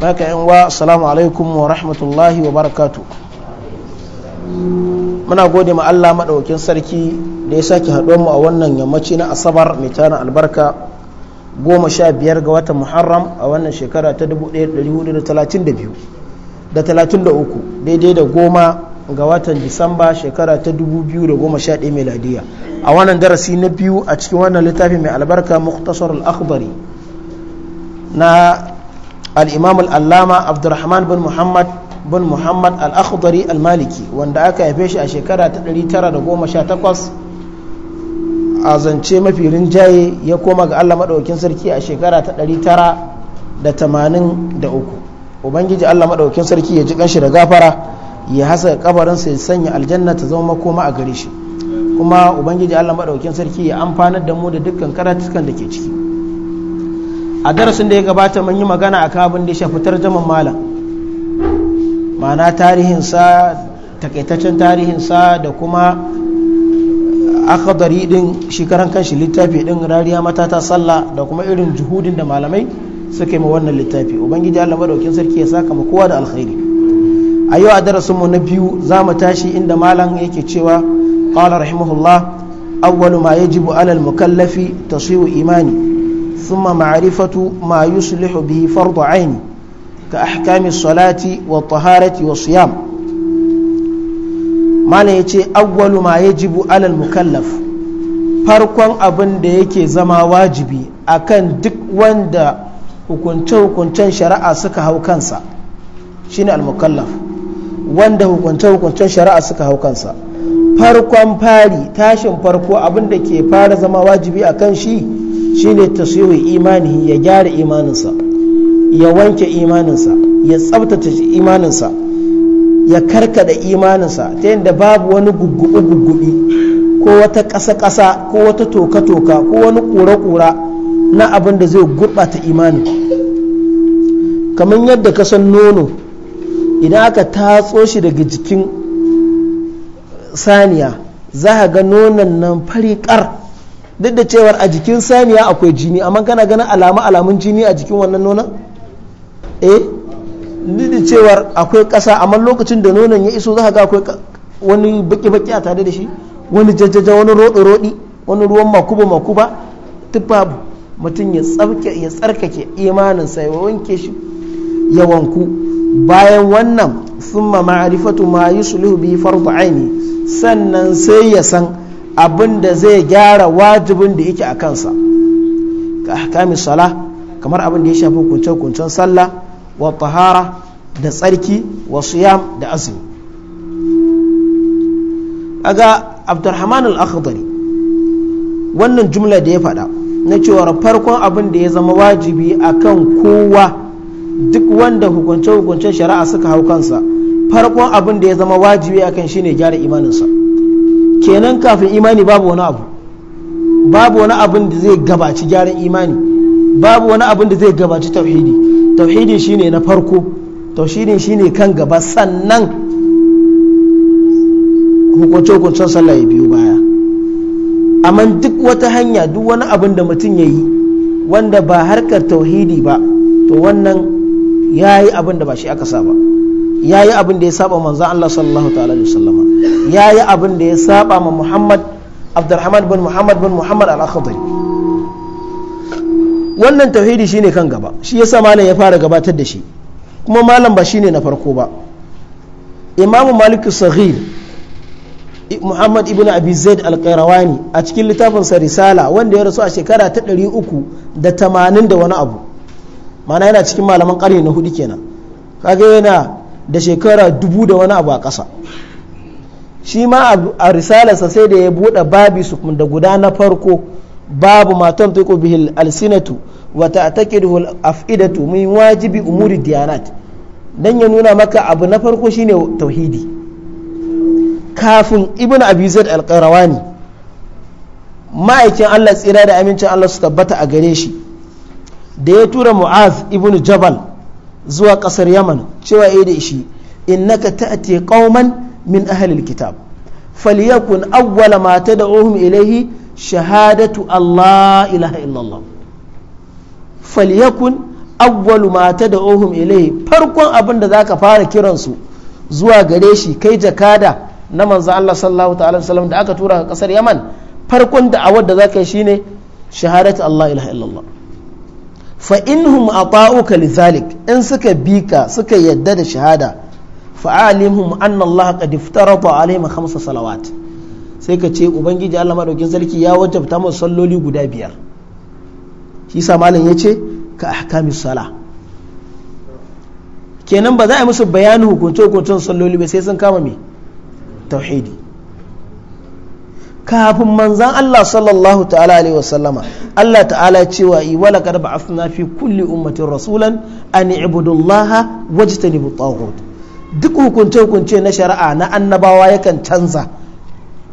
baka yan wa assalamu alaikum wa rahmatullahi wa barakatu muna gode ma Allah maɗaukin sarki da ya sake haɗuwar mu a wannan yammaci na asabar mai tana albarka goma sha biyar ga watan muharram a wannan shekara ta 1432 da 33 daidai da goma ga watan disamba shekara ta 2011 miladiya a wannan darasi na biyu a cikin wannan littafi mai albarka muktasar al-akhbari na al-imam al-allama abdurrahman bin muhammad bin muhammad al-akhdari al-maliki wanda aka haife shi a shekara ta 918 a zance mafi rinjaye ya koma ga allah maɗaukin sarki a shekara ta 983 ubangiji allah maɗaukin sarki ya ji kanshi da gafara ya hasa kabarinsa ya sanya aljanna ta zama makoma a gare shi kuma ubangiji allah maɗaukin sarki ya amfanar da mu da dukkan karatukan da ke ciki a darasin da ya gabata mun yi magana a kabin da ya shafi tarjaman malam ma'ana tarihinsa takaitaccen tarihinsa da kuma akadari din shekaran kanshi littafi din rariya matata sallah da kuma irin juhudin da malamai suka yi ma wannan littafi ubangiji allah madaukin sarki ya saka kowa da alkhairi a yau a darasin mu na biyu za mu tashi inda malam yake cewa qala rahimahullah awwalu ma yajibu alal mukallafi taswiu imani ثم معرفة ما يصلح به فرض عين كأحكام الصلاة والطهارة والصيام ما يتي أول ما يجب على المكلف farkon abin da yake zama wajibi akan duk wanda hukunce-hukuncen shari'a suka hau kansa shine al-mukallaf wanda hukunce-hukuncen shari'a suka hau kansa farkon fari tashin farko abin da ke fara zama wajibi akan shi shine taswihu imanihi ya gyara imaninsa ya wanke imaninsa ya tsabtace imaninsa ya karkada imaninsa ta yadda babu wani gugguɓi gugguɓi ko wata ƙasa-ƙasa ko wata toka-toka ko wani ƙura-ƙura na abin da zai gurɓata imanin kamar yadda ka san nono idan aka tatso shi daga jikin saniya za a ga nonon nan fari ƙar duk da cewar a jikin saniya akwai jini amma kana ganin alamu alamun jini a jikin wannan nonon eh duk da cewar akwai ƙasa amma lokacin da nonon ya iso za ga akwai wani baki-baki a tare da shi wani jajjaja wani roɗi-roɗi wani ruwan makuba-makuba tufa mutum ya tsarkake imaninsa ya wanke shi ya wanku bayan wannan sun ma ma'arifatu ma yi bi fardu aini sannan sai ya san abin da zai gyara wajibin da yake a kansa ka ahkami sala kamar abin da ya shafi kunce-kuncen sallah wa tahara da tsarki wa siyam da azumi aga abdurrahman al-akhdari wannan jumla da ya faɗa na cewar farkon abin da ya zama wajibi akan kowa duk wanda hukunce-hukuncen shari'a suka hau kansa farkon abin da ya zama wajibi akan shine gyara imaninsa kenan kafin imani babu wani abu babu wani abin da zai gabaci gyaran imani babu wani abin da zai gabaci tauhidi tauhidi shine na farko ta'uhidi shine kan gaba sannan hukunce-hukuncen sallah ya biyu baya amma duk wata hanya duk wani abin da mutum ya yi wanda ba harkar tauhidi ba to wannan ya yi abin da ba shi aka sa ba yi abin da ya saba manzan Allah sallallahu ta'ala sallama ya yi abin da ya saba ma Muhammad Abdurrahman bin Muhammad bin Muhammad al-Akhdari wannan tauhidi shine kan gaba shi yasa malam ya fara gabatar da shi kuma malam ba shine na farko ba imamu malik sahir muhammad ibn abi zaid al-qayrawani a cikin sa risala wanda ya rasu a shekara ta uku da da wani abu mana yana cikin malaman ƙarni na hudu kenan kaga yana da shekara dubu da wani abu a ƙasa shi ma a risalarsa sai da ya buɗe babi su da guda na farko babu matan tuku bihil alsinatu wa da af'idatu min wajibi umuri diyanat dan ya nuna maka abu na farko shine tauhidi kafin ibn abizar zaid al ma'aikin Allah tsira da amincin Allah su tabbata a gare shi da ya tura mu'az ibn jabal zuwa kasar yaman cewa ya eh da shi innaka ta'ti qauman min ahlil kitab falyakun awwala ma tad'uhum ilayhi shahadatu allah ilaha illallah falyakun awwalu ma tad'uhum ilayhi farkon abin da zaka fara kiransu zuwa gare shi kai jakada na manzo Allah sallallahu ta'ala wasallam da aka tura ka kasar yaman farkon da'awar da zaka yi shine shahadatu allah ilaha illallah fa inhum ata'uka lidhalik in suka ka suka yadda da shahada alimhum anna Allah qad iftarata alayhim khamsa salawat sai ka ce ubangiji Allah madaukin sarki ya wajabta musu salloli guda biyar shi sa malam yace ka ahkami sala kenan ba za a yi musu bayanin hukunce hukuncen salloli ba sai sun kama me tauhidi kafin manzan Allah sallallahu ta'ala alaihi wasallama Allah ta'ala cewa yi wala kad ba'athna fi kulli ummatin rasulan an ibudullaha wajtanibu taghut duk hukunce hukunce na shari'a na annabawa yakan canza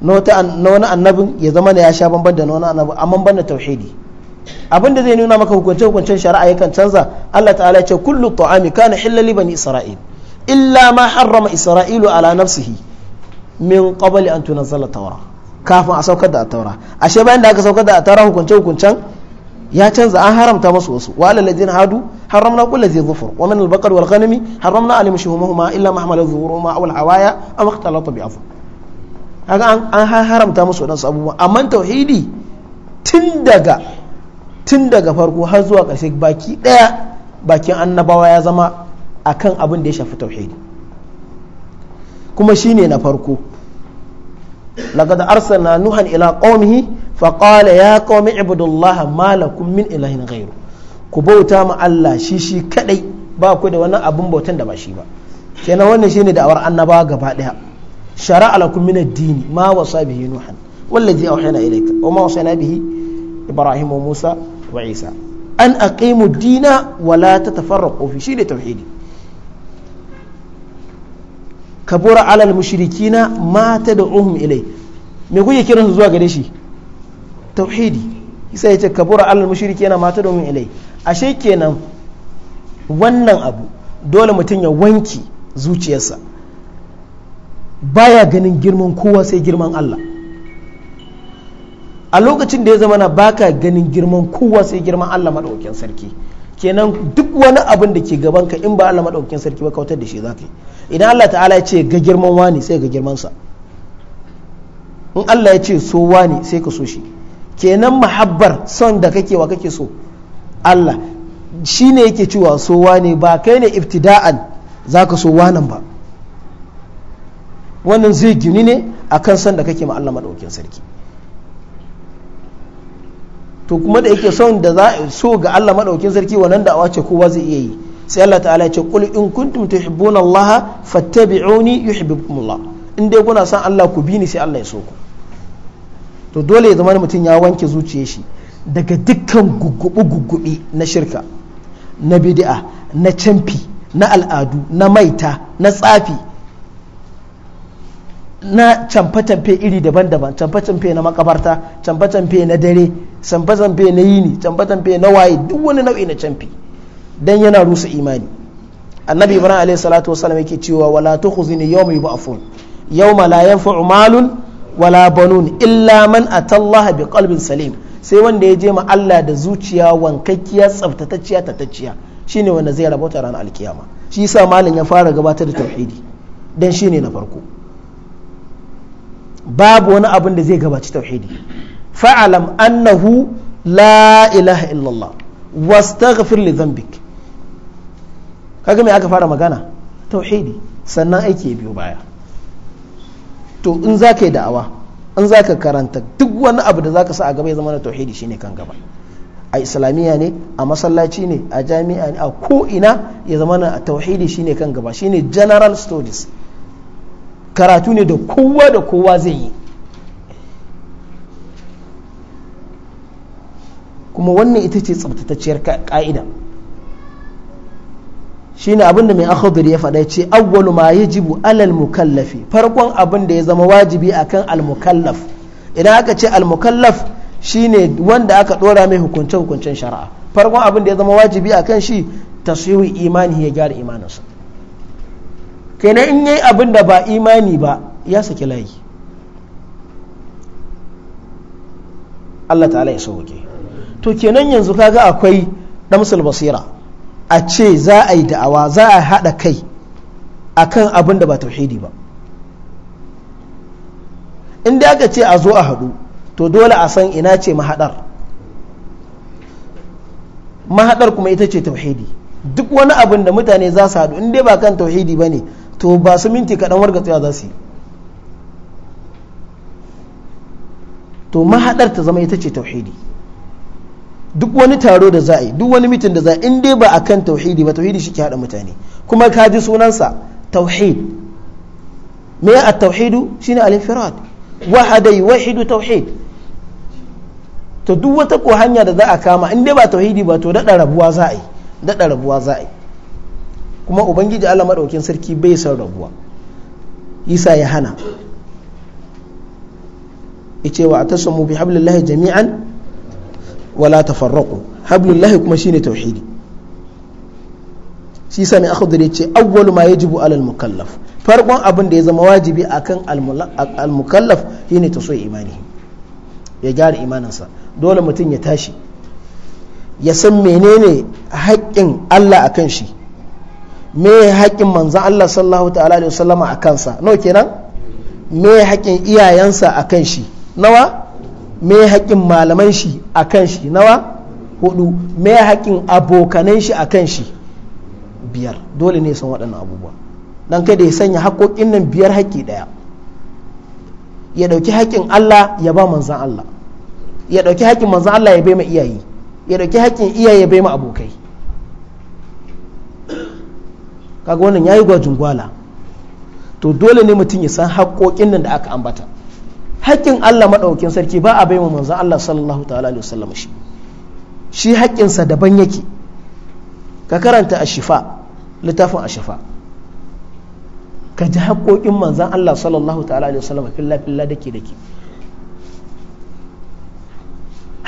na wani annabin ya zama ya sha bamban da na wani annabin amma ban da tauhidi abin da zai nuna maka hukunce hukuncen shari'a yakan canza Allah ta'ala ya ce kullu ta'ami kana hillal li bani isra'il illa ma harrama isra'ilu ala nafsihi min qabli an tunzala tawrah kafin a saukar da a taura ashe bayan da aka saukar da a taura hukunce hukuncen ya canza an haramta musu wasu wa alal ladina hadu haramna kula zai zufur wa min al baqar wal ghanami haramna alim shuhumahuma illa ma hamala zuhuruhuma aw al awaya aw ikhtalata bi afwa kaga an haramta musu wadansu abubuwa amma tauhidi tun daga tun daga farko har zuwa ƙarshe baki ɗaya bakin annabawa ya zama akan abin da ya shafi tauhidi kuma shine na farko لقد أرسلنا نوحا إلى قومه فقال يا قوم اعبدوا الله ما لكم من إله غيره كبوتا ما الله شيشي كدي ba ku da wani abun bautan da ba shi ba kenan wannan shine da'awar annaba gaba daya shara'a lakum min ad-din ma wasa bihi nuhan wallazi awhayna ilayka wa ma wasana bihi ibrahim musa wa isa an aqimu dina wa la tatafarraqu fi shi da tauhidi kabura alal mushrikina ma tad'uhum ilai me kuke kiran su zuwa gare shi tauhidi ya yace kabura alal mushrikina ma tad'uhum ilai ashe kenan wannan abu dole mutum ya wanki zuciyarsa baya ganin girman kowa sai girman Allah a lokacin da ya zama na baka ganin girman kowa sai girman Allah madaukakin sarki kenan duk wani abin da ke gaban ka in ba Allah madaukakin sarki ba kautar da shi zaka yi idan Allah ta'ala ya ce ga girman wani sai ga girman sa in Allah ya ce so wani sai ka so shi kenan muhabbar son da kake wa kake so Allah shi ne yake cewa so wani ba kai ne ibtida'an zaka so wanan ba wannan zai gini ne akan son da kake ma Allah madaukakin sarki to kuma da yake son da za so ga Allah madaukin sarki wannan da'awa ce kowa zai iya yi sai Allah ta'ala ya ce qul in kuntum tuhibbuna Allah fattabi'uni yuhibbukum Allah in dai kuna son Allah ku bi ni sai Allah ya so ku to dole ya zama mutum ya wanke zuciyar shi daga dukkan gugubi gugubi na shirka na bid'a na camfi na al'adu na maita na tsafi na camfe canfe iri daban-daban camfe canfe na makabarta camfe canfe na dare camfe canfe na yini camfe canfe na waye duk wani nau'i na canfe. dan yana rusa imani annabi ibrahim alayhi salatu wasallam yake cewa wala tukhzini yawma yub'afun ma la yanfa'u malun wala banun illa man atallaha bi salim sai wanda ya je ma Allah da zuciya wankakkiya tsaftatacciya tatacciya shine wanda zai rabota ranar alkiyama shi yasa malam ya fara gabatar da tauhidi dan ne na farko babu wani abin da zai gabaci tauhidi fa'alam annahu la ilaha illallah wastaghfir li dhanbik kaga me aka fara magana tauhidi sannan aiki biyo baya to in za yi da'awa in za karanta duk wani abu da zaka ka sa a gaba ya zama na tauhidi shine kan gaba a islamiyya ne a masallaci ne a jami'a ne a ko ina ya zama na tauhidi shine kan gaba shine general studies karatu ne da kowa da kowa zai yi kuma wannan ita ce tsabtatacciyar ka'ida shine abin da mai akhadir ya faɗa ce awwalu ma jibu alal mukallafi farkon abin da ya zama wajibi akan al mukallaf idan aka ce almukallaf mukallaf shine wanda aka ɗora mai hukunce hukuncen shari'a farkon abin da ya zama wajibi akan shi tasihu imani ya gyara imaninsa kenan in yi abin da ba imani ba ya saki layi Allah ta'ala ya sauke to kenan yanzu kaga akwai damsul basira a ce za a yi da'awa za a haɗa kai akan abin da ba tauhidi ba in da aka ce a zo a haɗu to dole a san ina ce mahaɗar mahaɗar kuma ita ce tauhidi duk wani abin da mutane za su haɗu in dai ba kan tauhidi ba ne to ba su minti kaɗan tsaya za su yi to mahaɗar ta zama ita ce tauhidi duk wani taro da za a yi duk wani mitin da za a in dai ba a kan tauhidi ba tauhidi shi ke haɗa mutane kuma ka ji sunansa tauhid me a tauhidu shine wa infirad wahada hidu tauhid to duk wata ko hanya da za a kama in dai ba tauhidi ba to daɗa rabuwa za daɗa rabuwa za a yi kuma ubangiji Allah maɗaukin sarki bai san rabuwa isa ya hana ice wa atasamu bi hablillahi jami'an wala tafarraqu hablillahi kuma shine tauhidi shi sani ya ce awwalu ma yajibu alal mukallaf farkon abin da ya zama wajibi akan al mukallaf shine ta so imani ya gyara imaninsa dole mutum ya tashi ya san menene haƙƙin Allah akan shi me haƙƙin manzan Allah sallallahu ta'ala alaihi wasallama a kansa nawa kenan me haƙƙin iyayensa a kan shi nawa me haƙƙin malaman shi a kan shi nawa hudu me haƙƙin abokanan shi a kan shi biyar dole ne san waɗannan abubuwa dan kai da ya sanya haƙoƙin nan biyar haƙƙi ɗaya ya ɗauki haƙƙin Allah ya ba manzan Allah ya ɗauki haƙƙin manzan Allah ya bai ma iyaye ya ɗauki haƙƙin iyaye ya bai ma abokai kaga wannan yayi gwajin gwala to dole ne mutum ya san haƙoƙin nan da aka ambata haƙƙin Allah maɗaukin sarki ba a baiwa manzon Allah sallallahu ta'ala alaihi wasallam shi shi sa daban yake ka karanta a shifa littafin a shifa ka ji haƙoƙin manzan Allah sallallahu ta'ala alaihi wasallam filla filla dake dake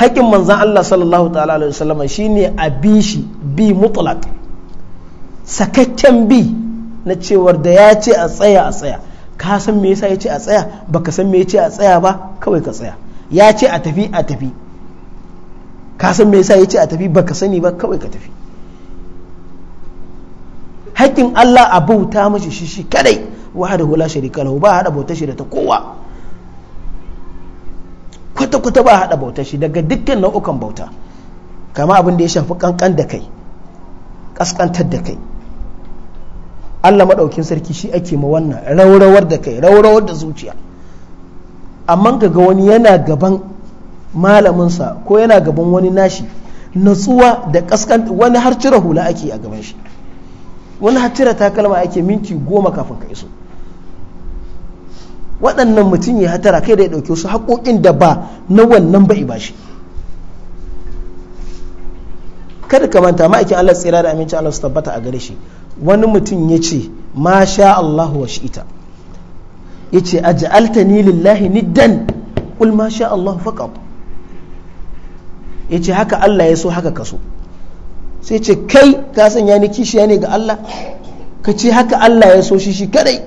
haƙƙin manzan Allah sallallahu ta'ala alaihi wasallam shine a bi shi bi mutlaq sakakken bi na cewar da ya ce a tsaya a tsaya ka san me yasa ya ce a tsaya baka san me ya ce a tsaya ba kawai ka tsaya ya ce a tafi a tafi ka san me yasa ya ce a tafi baka sani ba kawai ka tafi hakkin Allah a bauta mashi shi shi kadai wahdahu hula sharika lahu ba hada bautar shi da ta kowa kwata kwata ba hada bautar shi daga dukkan nau'ukan bauta kama abin da ya shafi kankan da kai kaskantar da kai Allah maɗaukin sarki shi ake ma wannan raurawar da kai raurawar da zuciya amma ga wani yana gaban malaminsa ko yana gaban wani nashi natsuwa da kaskan wani har cire hula ake a gaban shi wani har cire takalma ake minti goma kafin ka iso waɗannan mutum ya hatara kai da ya ɗauke su haƙoƙin da ba na wannan ba'i ba shi kada ka manta ma'aikin Allah tsira da Aminci Allah su tabbata a gare shi wani mutum ya ce ma sha Allahu wa shi'ita ya ce a ni lillahi niddan ƙul ma sha Allahu faqat ya ce haka Allah ya so haka ka so sai ce kai ka sanya ni kishiya ne ga Allah ka ce haka Allah ya so shi shi kadai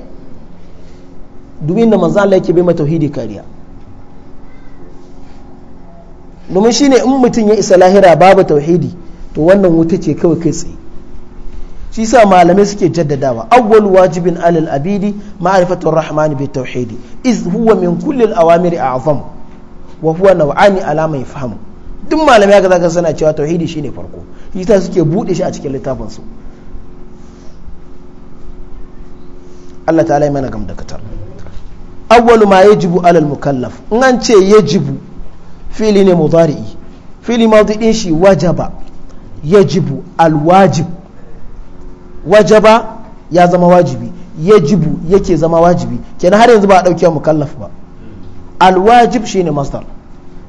domin da manzo Allah yake bai mata tauhidi kariya domin shine in mutum ya isa lahira babu tauhidi to wannan wuta ce kawai kai tsaye shi sa malamai suke jaddadawa awwalu wajibin alal abidi ma'rifatur rahman bi tauhidi iz huwa min kulli al awamiri a'zam wa huwa naw'ani ala mai faham duk malamai ga zaka sana cewa tauhidi shine farko shi sa suke bude shi a cikin littafin su Allah ta'ala ya mana gamdakatar awwalu ma yajibu alal mukallaf in an ce yajibu fili ne mudari fili din shi wajaba yajibu alwajib wajaba ya zama wajibi yajibu yake zama wajibi kenan har yanzu ba a dauke mukallaf ba alwajib shine masdar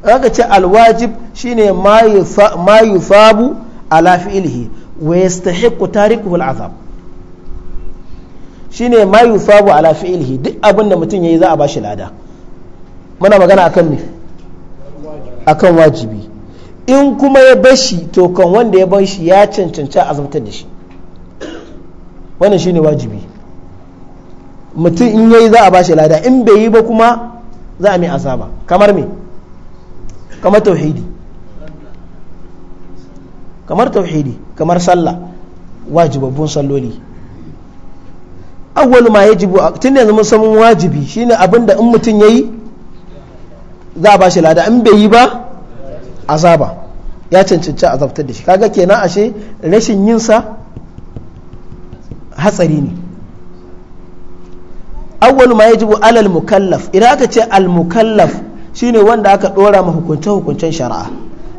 aka ce alwajib shine ma yusabu ala fi'lihi wa yastahiqu tarikuhu al'azab shine ma yusabu ala fi'lihi duk abinda mutum yayi za a bashi lada muna magana akan ne akan wajibi in kuma ya bashi to kan wanda ya bashi ya cancanci azabtar da shi wannan shine wajibi mutum in yayi za a bashi lada in bai yi ba kuma za a mai azaba kamar me kamar tauhidi kamar tauhidi kamar sallah wajibabbun salloli awwalu ma yajibu tun yanzu mun san wajibi shine abinda in mutum yayi za a bashi lada in bai yi ba azaba ya cancanci azabtar da shi kaga kenan ashe rashin yinsa hatsari ne awwal ma yajibu alal mukallaf idan aka ce al mukallaf shine wanda aka dora ma hukunce hukuncen shari'a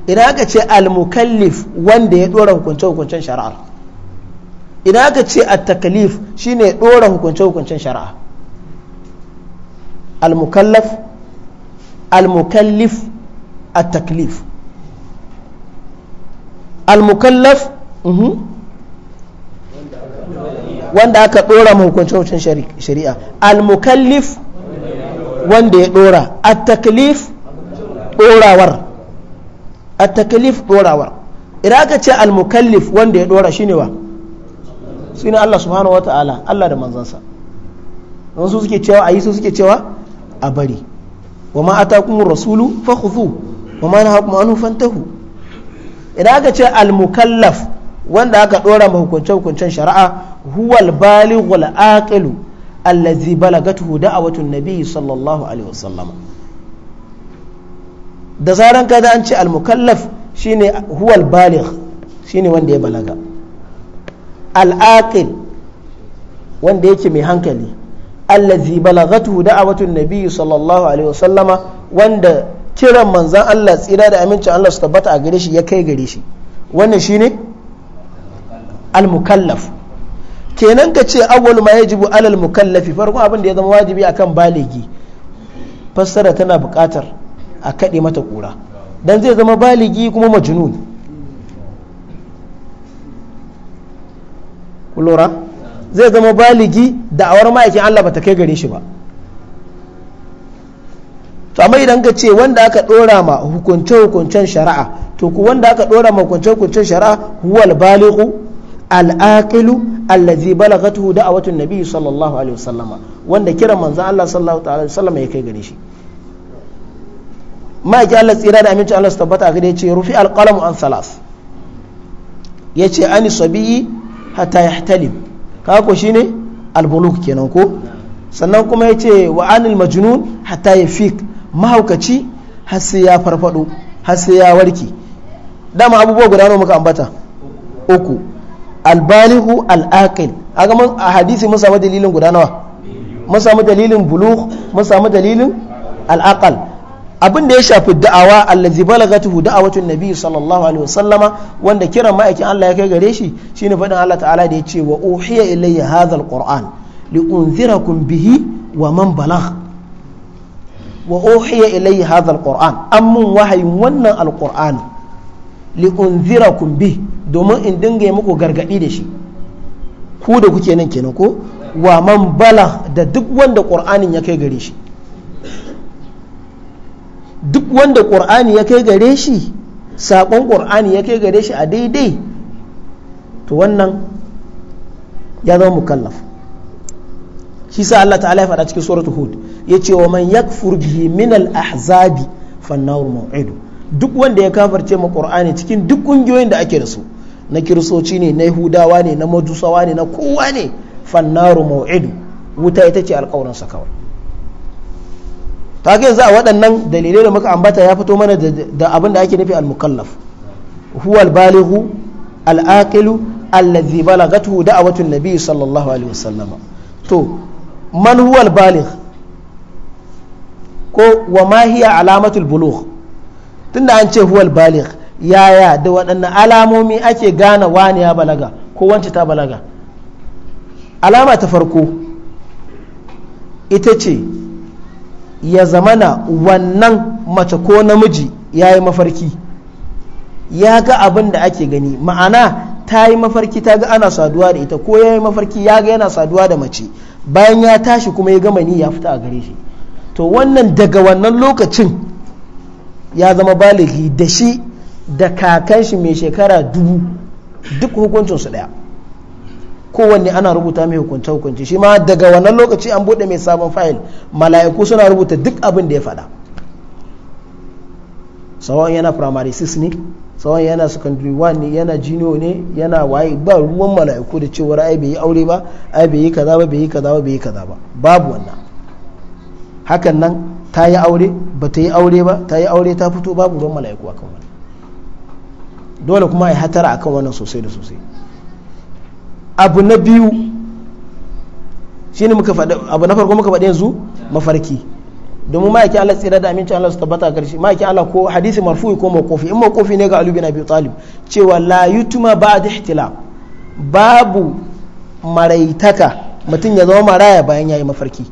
idan aka ce al mukallif wanda ya dora hukunce hukuncen shari'a idan aka ce at taklif shine ya dora hukunce hukuncen shari'a al mukallaf al mukallif at taklif al mukallaf mhm. wanda aka dora mu hukuncin shari'a al-mukallif wanda ya dora at-taklif dorawar at-taklif dorawar idan aka ce al-mukallif wanda ya dora shine wa shine Allah subhanahu wata'ala Allah da don su suke cewa ayi su suke cewa a bari wa ma atakumur rasulu fakhudhu wa ma nahakum anhu fantahu idan aka ce al-mukallaf wanda aka dora ma hukunce hukuncen shari'a huwal balighul aqilu allazi balagatuhu da'watun nabiy sallallahu alaihi wasallam da zaran ka an ce al-mukallaf shine huwal baligh shine wanda ya balaga al-aqil wanda yake mai hankali allazi balagatuhu da'watun nabiy sallallahu alaihi wasallama wanda kiran manzan Allah tsira da amincin Allah su tabbata a gare shi ya kai gare shi wannan shine al-mukallaf kenan ka ce awwal ma yajibu alal mukallafi farko abin da ya zama wajibi akan baligi fassara tana buƙatar a kaɗe mata ƙura dan zai zama baligi kuma majnun lura zai zama baligi da'awar ma'aikin Allah ba ta kai gare shi ba to amma idan ka ce wanda aka dora ma hukunce hukuncen shari'a to ku wanda aka dora ma hukunce hukuncen shari'a huwal baligu al’aƙilu allazi a watan nabi sallallahu alaihi wasallama wanda kira manzan Allah sallallahu alaihi wasallama ya kai gare shi ma'aiki Allah tsira da aminci Allah su tabbata a gare ce rufi alƙalamu an salas yace ani sabiyi hatta yahtalim ka shi ne albuluk kenan ko sannan kuma yace wa anil majnun hatta yafik mahaukaci har ya farfado har sai ya warke dama abubuwa guda nawa muka ambata uku albalihu al'aqil haka a hadisi mun samu dalilin guda nawa mun samu dalilin bulugh mun samu dalilin al'aqal abin da ya shafi da'awa allazi balagatuhu da'awatun nabi sallallahu alaihi wasallama wanda kiran ma'aikin Allah ya kai gare shi shine faɗin Allah ta'ala da ya ce wa uhiya ilayya hadha alquran li unzirakum bihi wa man balagh wa uhiya ilayya hadha alquran ammun wahayin wannan alquran kun bi domin in dinga yi muku gargaɗi da shi ku da kuke nan kenan ko wa man bala da duk wanda qur'anin ya kai gare shi duk wanda ya kai gare shi saƙon ya kai gare shi a daidai to wannan ya zama mukallaf shi sa Allah ta'ala ya faɗa cikin suratul hud yace wa man yakfur bihi min al ahzabi fan nar duk wanda ya kafarce ma qur'ani cikin duk kungiyoyin da ake da su na kiristoci ne na yahudawa ne na majusawa ne na kowa ne fannaru mau'idu wuta ita ce alkawarinsa kawai ta za a waɗannan dalilai da muka ambata ya fito mana da abin da ake nufi al-mukallaf huwa al-balighu al-aqilu allazi balagatuhu da'watu an-nabi sallallahu alaihi wasallam to man huwa al-baligh ko wa ma hiya alamatul bulugh tunda an ce huwal baligh yaya da waɗannan alamomi ake gane wani ya balaga ko wance ta balaga alama ta farko ita ce ya zamana wannan mace ko namiji ya yi mafarki ya ga abin da ake gani ma'ana ta yi mafarki ta ga ana saduwa da ita ko ya yi mafarki ya ga yana saduwa da mace bayan ya tashi kuma ya gama ni ya fita a gare shi to wannan daga wannan lokacin ya zama baligi da shi da kakanshi mai shekara dubu duk hukuncinsu ɗaya kowanne ana rubuta mai hukunce hukunci shi ma daga wannan lokaci an bude mai sabon fayil mala'iku suna rubuta duk abin da ya faɗa sawan yana primary 6 ne sawan yana secondary 1 ne yana jino ne yana waye ba ruwan mala'iku da cewar ai bai yi aure ba ai bai yi kaza ba bai yi kaza ba bai yi kaza ba babu wannan hakan nan ta yi aure ba ta yi aure ba ta yi aure ta fito babu ruwan mala'iku kan wani dole kuma a yi hatara akan wannan sosai da sosai abu na biyu shine muka faɗa abu na farko muka faɗa yanzu mafarki domin ma'aikin Allah tsira da amincin Allah su tabbata a ƙarshe ma'aikin Allah ko hadisi marfu ko mawqufi in mawqufi ne ga Ali bin Abi Talib cewa la yutuma ba'd ihtilaf babu maraitaka mutum ya zama maraya bayan yayi mafarki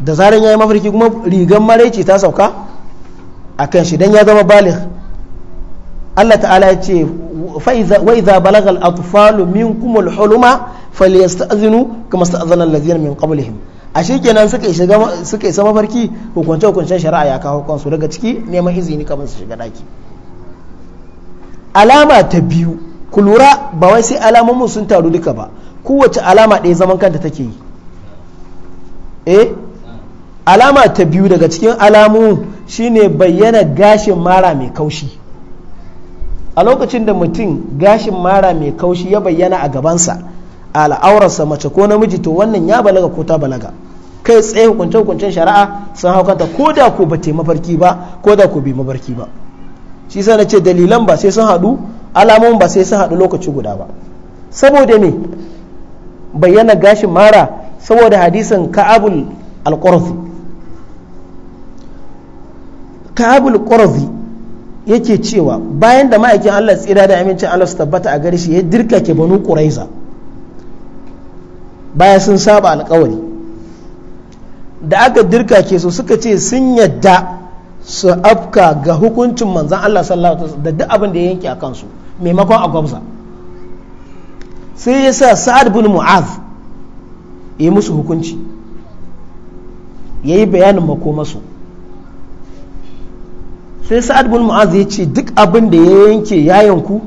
da zaran ya yi mafarki kuma rigan maraici ta sauka a kan shi don ya zama balik Allah ta'ala ya ce wa idza balagal atfalu minkum al-huluma falyasta'zinu kama sta'zana allazina min qablihim a kenan suka yi shiga suka yi sama farki hukunce hukuncen shari'a ya kawo kansu daga ciki neman izini kamar su shiga daki alama ta biyu ku lura ba wai sai alamomin sun taru duka ba kowace alama ɗaya zaman kanta take yi eh alama ta biyu daga cikin alamu shine bayyana gashin mara mai kaushi a lokacin da mutum gashin mara mai kaushi ya bayyana a gabansa a al'aurarsa mace ko namiji to wannan ya balaga ko ta balaga kai tsaye hukunce-hukuncen shari'a sun hau kanta ko da ko ba mafarki ba ko da ko bai mafarki ba shi sa na ce dalilan ba sai sun haɗu alamomin ba sai sun haɗu lokaci guda ba saboda me bayyana gashin mara saboda hadisin ka'abul alƙurfi kabul ƙorafi yake cewa bayan da ma'aikin Allah tsira da amincin Allah su tabbata a gare shi ya dirka ke banu quraiza baya sun saba alkawari da aka dirka ke su suka ce sun yadda su afka ga hukuncin manzan Allah sallallahu da duk abin da ya yanke a kansu maimakon a gwamza sai ya sa sa'ad bin mu'az ya yi musu hukunci ya yi bayanin makomasu sai sa'ad bin mu'az ya ce duk abin da ya yanke ya yanku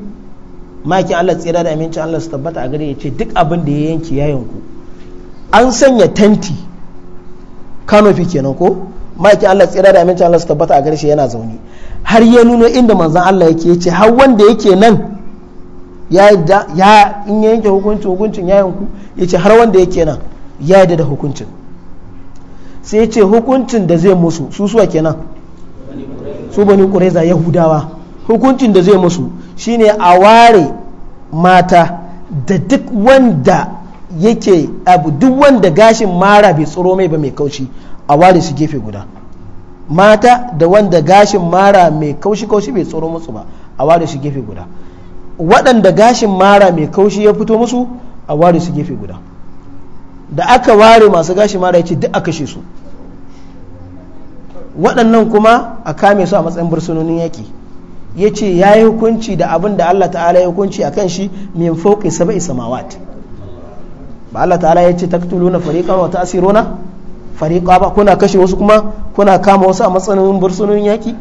makin Allah tsira da amincin Allah su tabbata a gare ya ce duk abin da ya yanke ya yanku an sanya tenti kanofi kenan ko makin Allah tsira da amincin Allah su tabbata a gare shi yana zaune har ya nuno inda manzon Allah yake ya ce har wanda yake nan ya ya in ya yanke hukuncin hukuncin ya yanku ya ce har wanda yake nan ya yadda da hukuncin sai ya ce hukuncin da zai musu su suwa kenan su bani ƙureza yahudawa hukuncin da zai musu shine a ware mata da duk wanda yake abu duk wanda gashin mara bai tsoro mai ba mai kaushi a ware su gefe guda mata da wanda gashin mara mai kaushi kaushi bai tsoro musu ba a ware su gefe guda waɗanda gashin mara mai kaushi ya fito musu a ware su gefe guda da aka ware masu gashin mara ya ce duk aka kashe su waɗannan kuma a kame su a matsayin bursunonin yaƙi ya ce ya yi hukunci da abin da Allah ta'ala ya hukunci a kan shi min fauƙi saba'i samawat ba Allah ta'ala ya ce taktuluna fariƙa wa ta'siruna fariƙa ba kuna kashe wasu kuma kuna kama wasu a matsayin bursunonin yaƙi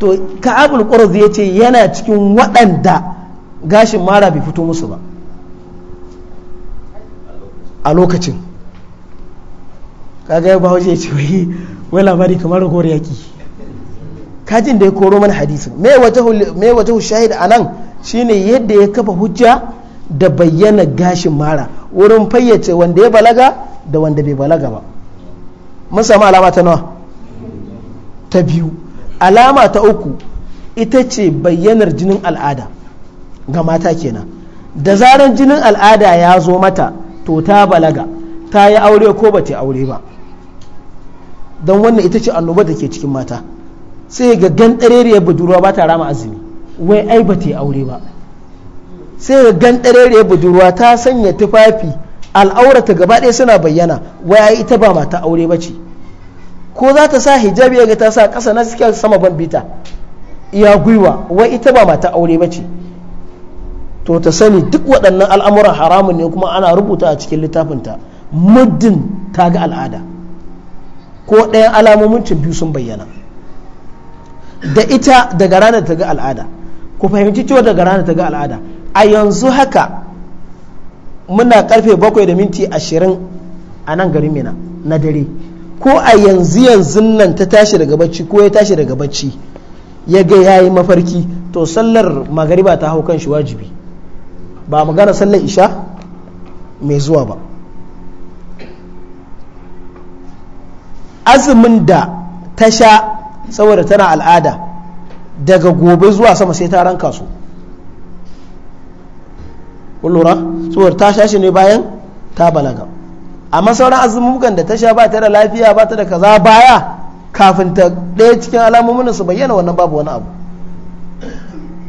to ka'abul qurz ya ce yana cikin waɗanda gashin mara bai fito musu ba a lokacin kaga ya bahaushe ce wai wai labari kamar ragowar yaƙi kajin da ya koro mana hadisin me wata shahid a nan shine yadda ya kafa hujja da bayyana gashin mara wurin fayyace wanda ya balaga da wanda bai balaga ba mun samu alama ta nawa ta biyu alama ta uku ita ce bayyanar jinin al'ada ga mata kenan da zaran jinin al'ada ya zo mata to ta balaga ta yi aure ko ba ta aure ba don wannan ita ce annoba da ke cikin mata sai ga gandareriyar budurwa ba ta rama azumi wai ai ba ta aure ba sai ga gandareriyar budurwa ta sanya tufafi al'aurata gaba ɗaya suna bayyana wai ai ita ba mata aure ba ce ko za ta sa hijabi ya ga ta sa ƙasa na suke sama ban bita ya gwiwa wai ita ba mata aure ba ce to ta sani duk waɗannan al'amuran haramun ne kuma ana rubuta a cikin littafinta muddin ta ga al'ada ko ɗayan alamomin biyu sun bayyana da ita daga ranar ta ga al'ada ku fahimci cewa daga ranar ta ga al'ada a yanzu haka muna karfe bakwai da minti ashirin a nan garin mina na dare ko a yanzu yanzu nan ta tashi daga bacci ko ya tashi daga bacci ya ga ya yi mafarki to sallar magariba ta hau kan shi wajibi ba magana sallar isha mai zuwa ba azumin da ta sha saboda tana al'ada daga gobe zuwa sama sai ta ranka su lura saboda ta sha shi ne bayan ta balaga amma sauran azumin da ta sha ba ta da lafiya ba ta da kaza baya kafin ta ɗaya cikin alamomin su bayyana wannan babu wani abu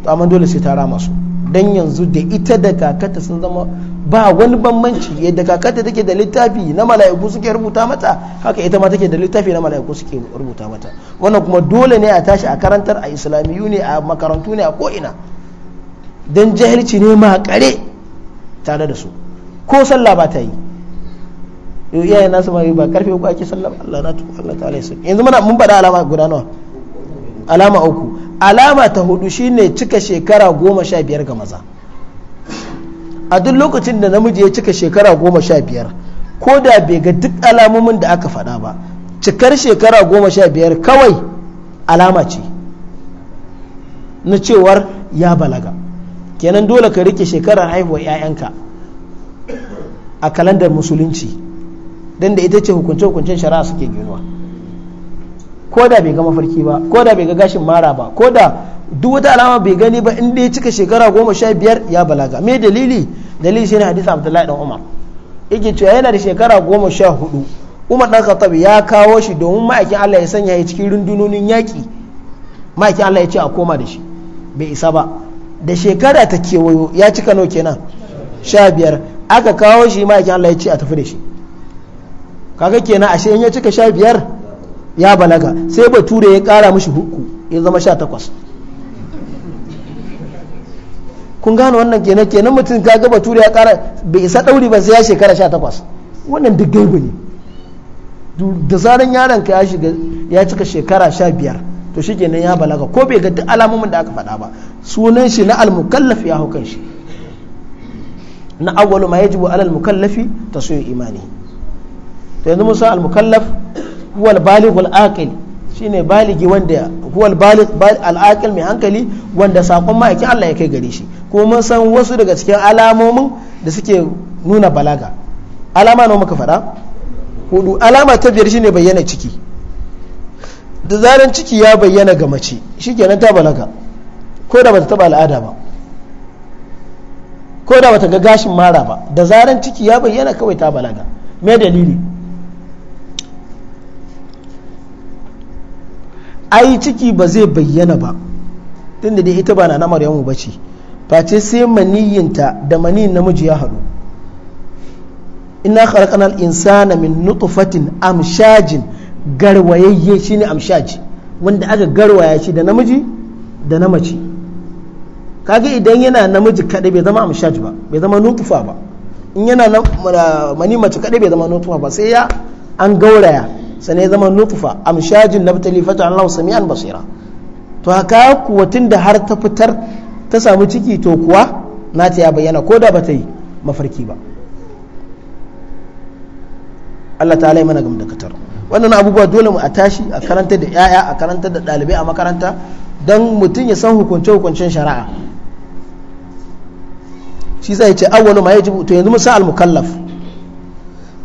amma dole sai ta rama su dan yanzu da ita da kakata sun zama ba wani bambanci yadda kakata take da littafi na mala'iku suke rubuta mata haka ita ma take da littafi na mala'iku suke rubuta mata wannan kuma dole ne a tashi a karantar a islamiyu ne a makarantu ne a ko'ina don jahilci ne ma kare tare da su ko sallah ba ta yi yau iyayen nasu ma ba karfe ko ake sallah Allah na tuku Allah ta'ala yanzu muna mun faɗa alama guda nawa alama uku alama ta hudu shine cika shekara goma sha biyar ga maza a duk lokacin da namiji ya cika shekara goma sha biyar ko da bai ga duk alamomin da aka faɗa ba cikar shekara goma sha biyar kawai alama ce na cewar ya balaga kenan dole ka rike shekarar haihuwar 'ya'yanka a kalandar musulunci don da ita ce hukunce-hukuncen shari'a suke ginuwa. ko da bai ga mafarki ba ko da bai ga gashin mara ba ko da duk wata alama bai gani ba in dai cika shekara goma sha biyar ya balaga me dalili dalili shine hadisi abdullahi dan umar yake cewa yana da shekara goma sha hudu umar dan khattab ya kawo shi domin ma'aikin allah ya sanya ya cikin rundunonin yaƙi ma'aikin allah ya ce a koma da shi bai isa ba da shekara ta kewayo ya cika nawa kenan sha biyar aka kawo shi ma'aikin allah ya ce a tafi da shi kaga kenan ashe in ya cika sha biyar ya balaga sai bature ya kara mishi hukku ya zama sha takwas kun gane wannan kenan kenan mutum ka ga bature ya kara bai isa dauri ba sai ya shekara sha takwas wannan duk gaibu ne da zaran yaron ka ya shiga ya cika shekara sha biyar to shi kenan ya balaga ko bai ga duk alamomin da aka faɗa ba sunan shi na almukallaf ya hukan shi na awwalu ma yajibu alal mukallafi tasawyu imani to yanzu musa almukallaf huwal balighul aqil shine baligi wanda huwal balik al aqil mai hankali wanda sakon ma'aikin Allah ya kai gare shi kuma mun san wasu daga cikin alamomin da suke nuna balaga alama nawa muka faɗa hudu alama ta biyar shine bayyana ciki da zaran ciki ya bayyana ga mace kenan ta balaga ko da bata taba al'ada ba ko da bata ga gashin mara ba da zaran ciki ya bayyana kawai ta balaga me dalili ai ciki ba zai bayyana ba tunda dai ita ba na maryamu ba ce face sai maniyinta da maniyin namiji ya haɗu ina kharqanal insana min nutfatin amshajin garwayayye shine amshaji wanda aka garwaya shi da namiji da na mace kage idan yana namiji kadai bai zama amshaji ba bai zama nutfa ba in yana mani mace kadai bai zama nutfa ba sai ya an gauraya sane zama nutfa amshajin nabtali fata Allah sami'an basira to haka kuwa tunda har ta fitar ta samu ciki to kuwa nata ya bayyana ko da bata yi mafarki ba Allah ta'ala mana gam da katar wannan abubuwa dole mu a tashi a karanta da yaya a karanta da dalibai a makaranta don mutum ya san hukunce hukuncen shari'a shi zai ce awwalu ma yajibu to yanzu mun al-mukallaf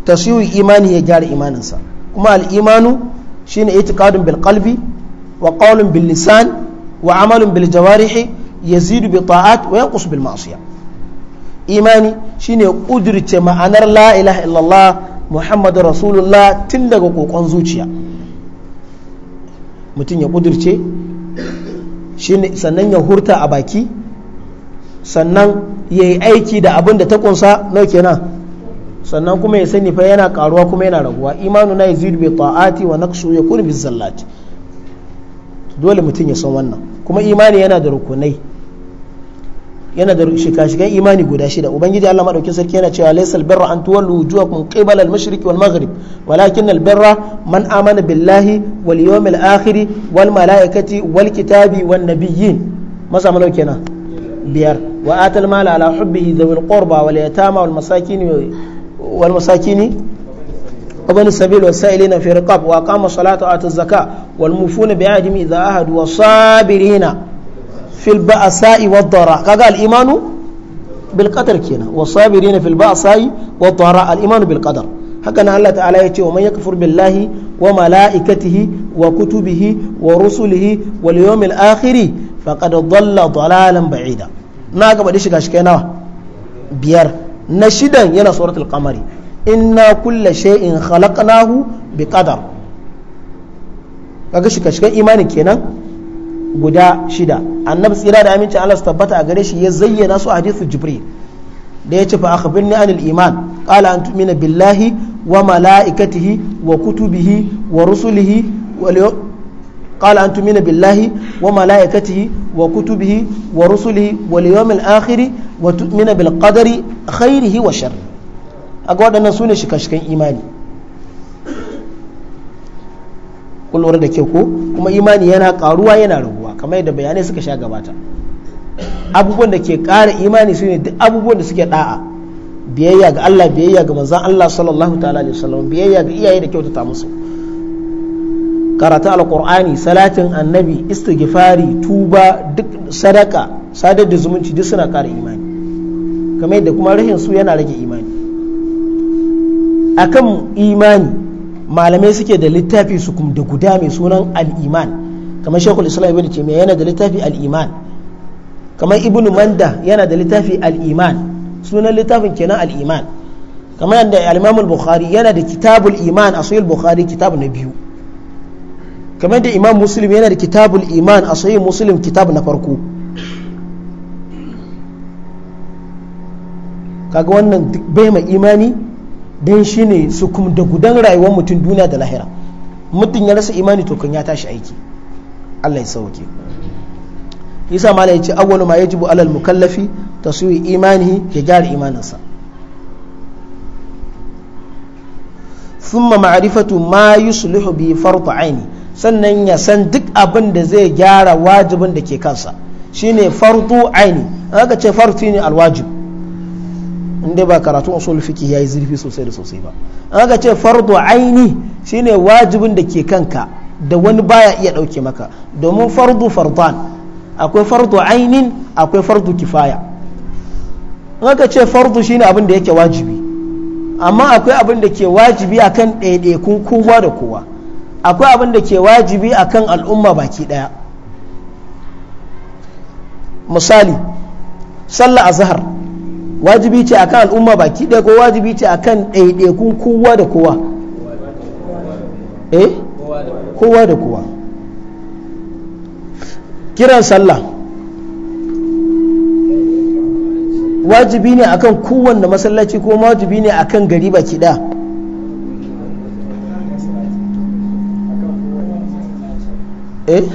tasyiyu imani ya gyara imaninsa kuma al'imanu shine itiqadun bil qalbi wa qawlun bil lisan wa amalin bil jawarihi yazidu bi ta'at wa yanqusu bil ma'siyah imani shine kudirce ma'anar la ilaha illallah muhammadu rasulullah tun daga kokon zuciya mutum ya kudirce sannan ya hurta a baki sannan ya yi aiki da abin da ta ƙunsa nau kenan sannan kuma ya sani fa yana karuwa kuma yana raguwa imanu na yazidu bi ta'ati wa naqsu yakunu bi zallati dole mutum ya san wannan kuma imani yana da rukunai yana da shika-shikan imani guda shida ubangiji Allah madaukin sarki yana cewa laysal birra an tuwallu wujuhakum qibala al-mashriq wal maghrib walakin al-birra man amana billahi wal yawmil akhir wal malaikati wal kitabi wan nabiyyin masa mana kenan biyar wa atal mala ala hubbihi dhawil qurba wal yatama wal masakin والمساكين وابن السبيل والسائلين في رقاب وأقام الصلاة وآتى الزكاة والموفون بعهدهم إذا عاهدوا والصابرين في البأساء والضراء قال الإيمان بالقدر كنا والصابرين في البأساء والضراء الإيمان بالقدر هكذا الله تعالى يتي ومن يكفر بالله وملائكته وكتبه ورسله واليوم الآخر فقد ضل ضلالا بعيدا ناقب دي شكا شكينا بيار na shidan yana suratul qamari inna kulle shay'in khalaqnahu bi qadar kaga shikashikan imanin kenan guda shida annabi tsira da amincin Allah su tabbata a gare shi ya zayyana su a hadithu jibril da ya ce fa akhbirni anil iman qala an tu'mina billahi wa malaikatihi wa kutubihi wa rusulihi قال أن تؤمن بالله وملائكته وكتبه ورسله واليوم الآخر وتؤمن بالقدر خيره وشره أقول أن سوني شكاشكين إيماني kun lura da kyau ko kuma imani yana karuwa yana raguwa kamar yadda bayanai suka sha gabata abubuwan da ke kara imani su ne duk abubuwan da suke da'a biyayya ga Allah biyayya ga manzon Allah sallallahu ta'ala alaihi wasallam biyayya ga iyaye da kyautata musu karatu alkur'ani salatin annabi istighfari tuba duk sadaka sadar da zumunci duk suna ƙara imani kamar yadda kuma rashin su yana rage imani akan imani malamai suke da littafi su da guda mai sunan al-iman kamar shekul islam ibn taimiyya yana da littafi al-iman kamar ibnu manda yana da littafi al-iman sunan littafin kenan al-iman kamar yadda al-imam al-bukhari yana da kitabul iman a sahih bukhari kitab na biyu kamar da imam muslim yana da kitabul iman a sahih muslim kitab na farko kaga wannan duk bai mai imani dan shine su kum da gudan rayuwar mutum duniya da lahira mutum ya rasa imani to kan ya tashi aiki Allah ya sauke yasa mala ce awwalu ma yajibu alal mukallafi taswi imani ya gyara imaninsa ثم معرفة ما يصلح به فرط عيني sannan ya san duk abin da zai gyara wajibin da ke kansa shine fardu aini an aka ce fardu ne alwajib inda ba karatu usul fiqh yayi zurfi sosai da sosai ba an aka ce fardu aini shine wajibin da ke kanka da wani baya iya dauke maka domin fardu fardan akwai fardu ainin akwai fardu kifaya an aka ce fardu shine abin da yake wajibi amma akwai abin da ke wajibi akan ɗaiɗaikun kowa da kowa akwai abin da ke wajibi akan al'umma baki daya misali sallah zahar wajibi ce akan al'umma baki daya ko wajibi ce akan ɗaiɗaikun kowa da kowa eh kowa da kowa kiran sallah wajibi ne akan kowanne masallaci ko wajibi ne akan gari baki daya Eh?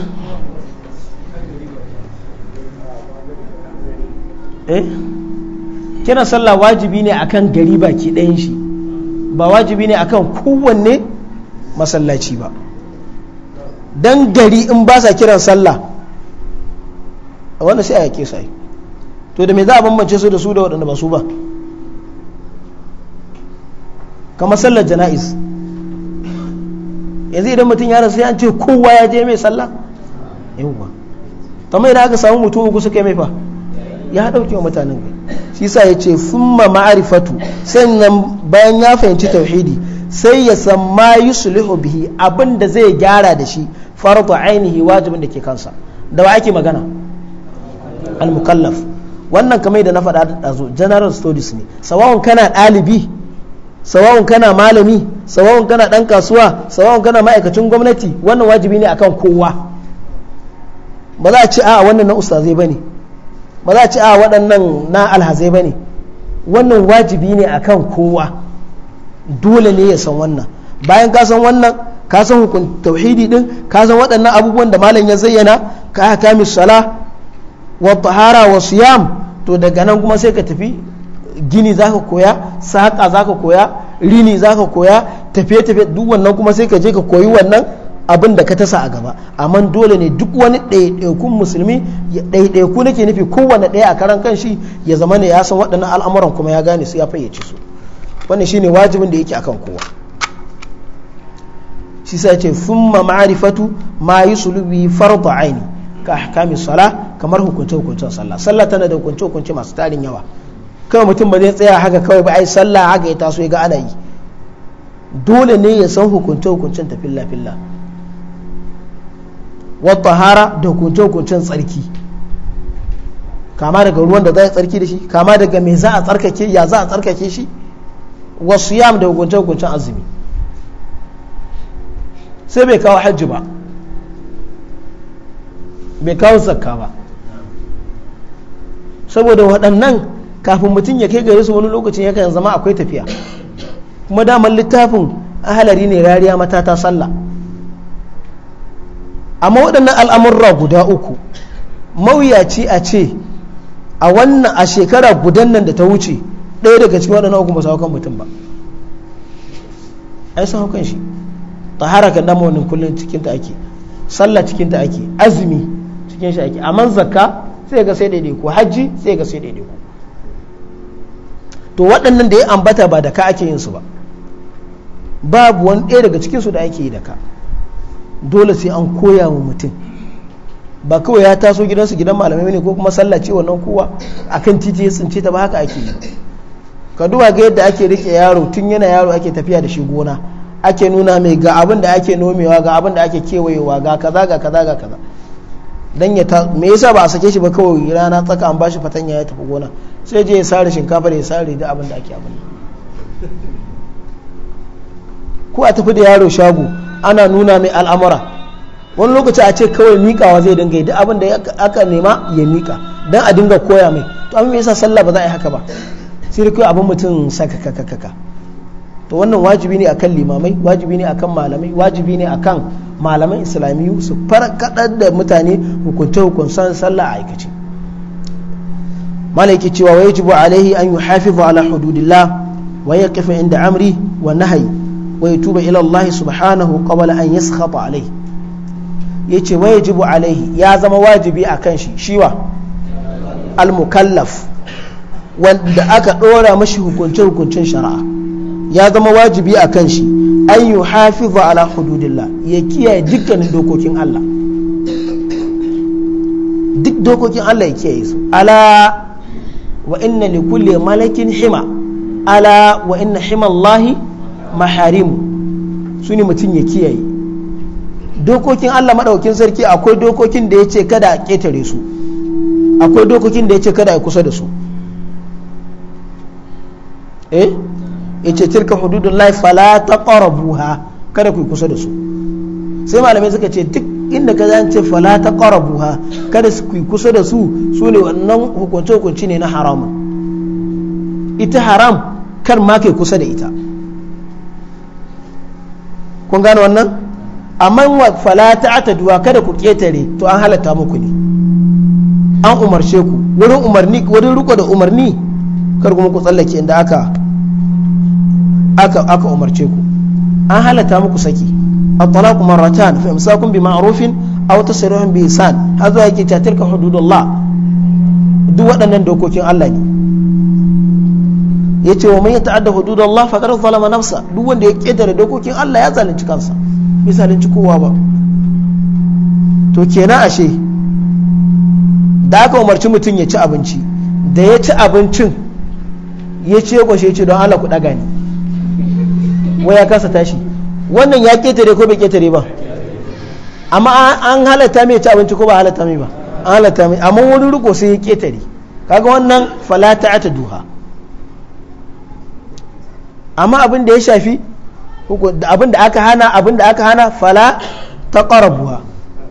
eh kiran sallah wajibi ne akan gari baki ɗayan shi ba wajibi ne akan kowanne masallaci ba dan gari in ba sa kiran sallah a wannan sai a yake sai to da me za a bambance su da su da waɗanda ba su ba kamar sallar jana'iz yanzu idan mutum ya rasu sai ce kowa ya je mai sallah yawwa ta mai da aka samu mutum uku suka mai fa ya dauke wa mutanen kai shi yasa yace summa ma'rifatu sannan bayan ya fahimci tauhidi sai ya san ma yuslihu bihi abin da zai gyara da shi farata ainihi wajibin da ke kansa da wa ake magana al mukallaf wannan kamar da na faɗa da ɗazu general studies ne sawawan kana ɗalibi sawa'un kana malami sawa'un kana dan kasuwa sawa'un kana ma'aikacin gwamnati wannan wajibi ne akan kowa ba za a ci a wannan na ustazai bane ba za a ci a waɗannan na alhazai bane wannan wajibi ne akan kowa dole ne ya san wannan bayan ka san wannan ka san hukun tauhidi din ka san waɗannan abubuwan da malam ya zayyana ka haka misala wa tahara wa siyam to daga nan kuma sai ka tafi gini za ka koya saƙa za ka koya rini za ka koya tafiye-tafiye duk wannan kuma sai ka je ka koyi wannan abin da ka tasa a gaba amma dole ne duk wani ɗaiɗaikun musulmi ɗaiɗaiku nake nufi kowane ɗaya a karan kan shi ya zama ne ya san waɗannan al'amuran kuma ya gane su ya fayyace su wannan shine wajibin da yake akan kowa shi sai ce thumma ma'rifatu ma yuslubi fardu aini ka ahkami sala kamar hukunce hukuncen sallah sallah tana da hukunce hukunce masu tarin yawa kawai mutum ba zai tsaya haka kawai ba ai sallah haka ya taso ya ga ana yi dole ne ya san hukunce hukuncen ta filla filla wata hara da hukunce hukuncen tsarki kama daga ruwan da za a tsarki da shi kama daga me za a tsarkake ya za a tsarkake shi wasu yam da hukunce hukuncen azumi sai bai kawo hajji ba bai kawo zakka ba saboda waɗannan kafin mutum ya kai gare su wani lokacin yakan zama akwai tafiya kuma daman littafin ahalari ne rariya matata sallah amma waɗannan al'amurra guda uku mawuyaci a ce a wannan a shekara gudan nan da ta wuce ɗaya daga cikin waɗannan uku masu haukan mutum ba ai sun haukan shi ta haraka dama wannan kullum cikinta ake sallah cikinta ake azumi cikin shi ake amma zakka sai ga sai ko hajji sai ga sai ko. to waɗannan da ya ambata ba da ka ake yin su ba babu wani ɗaya daga cikin su da ake yi da ka dole sai an koya wa mutum ba kawai ya taso gidansu gidan malamai ne ko kuma sallah ce wannan kowa akan titi ya tsince ta ba haka ake yi ka duba ga yadda ake rike yaro tun yana yaro ake tafiya da shi gona ake nuna mai ga abin da ake nomewa ga abin da ake kewayewa ga kaza ga kaza ga kaza dan ya me yasa ba a sake shi ba kawai rana tsaka an bashi fatanya ya tafi gona sai je ya sare shinkafa da ya sare da abin da ake abin ko a tafi da yaro shago ana nuna mai al'amura wani lokaci a ce kawai mikawa zai dinga yi duk abin da aka nema ya mika don a dinga koya mai to abin yasa sallah ba za a yi haka ba sai da kawai abin mutum saka kaka kaka to wannan wajibi ne akan limamai wajibi ne akan malamai wajibi ne akan malaman islamiyu su farkadar da mutane hukunce hukuncen sallah a aikace malaki cewa wa yajibu alaihi an yuhafizu ala hududillah wa yaqifu inda amri wa nahyi wa yatuba ila Allah subhanahu qabla an yaskhata alaihi yace wa yajibu alaihi ya zama wajibi akan shi shiwa al mukallaf wanda aka dora mashi hukunce hukuncin shari'a ya zama wajibi akan shi an yuhafizu ala hududillah ya kiyaye dukkanin dokokin Allah duk dokokin Allah ya kiyaye su ala wa inna li kulli malakin hima ala wa inna himallahi maharimu su ne mutum ya kiyaye dokokin Allah maɗaukin sarki akwai dokokin da ya ce kada a ƙetare su akwai dokokin da ya ce kada a kusa da su eh ya ce tilka hududun laifala ta buha kada ku kusa da su sai malamai suka ce duk inda ka zance fala ta qarabuha kada su kusa da su su ne wannan hukunce hukunci ne na haramun ita haram kar ma kai kusa da ita kun gane wannan amma wa fala ataduwa kada ku ketare to an halatta muku ne an umarce ku wurin umarni wurin riko da umarni kar kuma ku tsallake inda aka aka aka umarce ku an halatta muku saki الطلاق مرتان فإمساك بمعروف أو تسريح بإحسان هذا يكي تلك حدود الله duk waɗannan dokokin Allah ne ya ce wa mai ya ta'adda hudud Allah faƙar zalama nafsa duk wanda ya ƙetare dokokin Allah ya zalunci kansa bai zalunci kowa ba to kenan ashe da aka umarci mutum ya ci abinci da ya ci abincin ya ce kwashe ce don Allah ku ɗaga ni wai ya kasa tashi wannan ya ketare ko bai ketare ba amma an halatta mai ci abinci ko ba halatta mai ba an halatta mai amma wani riko sai ya ketare kaga wannan falata ta duha amma abin da ya shafi abin da aka hana abin da aka hana fala ta ƙarabuwa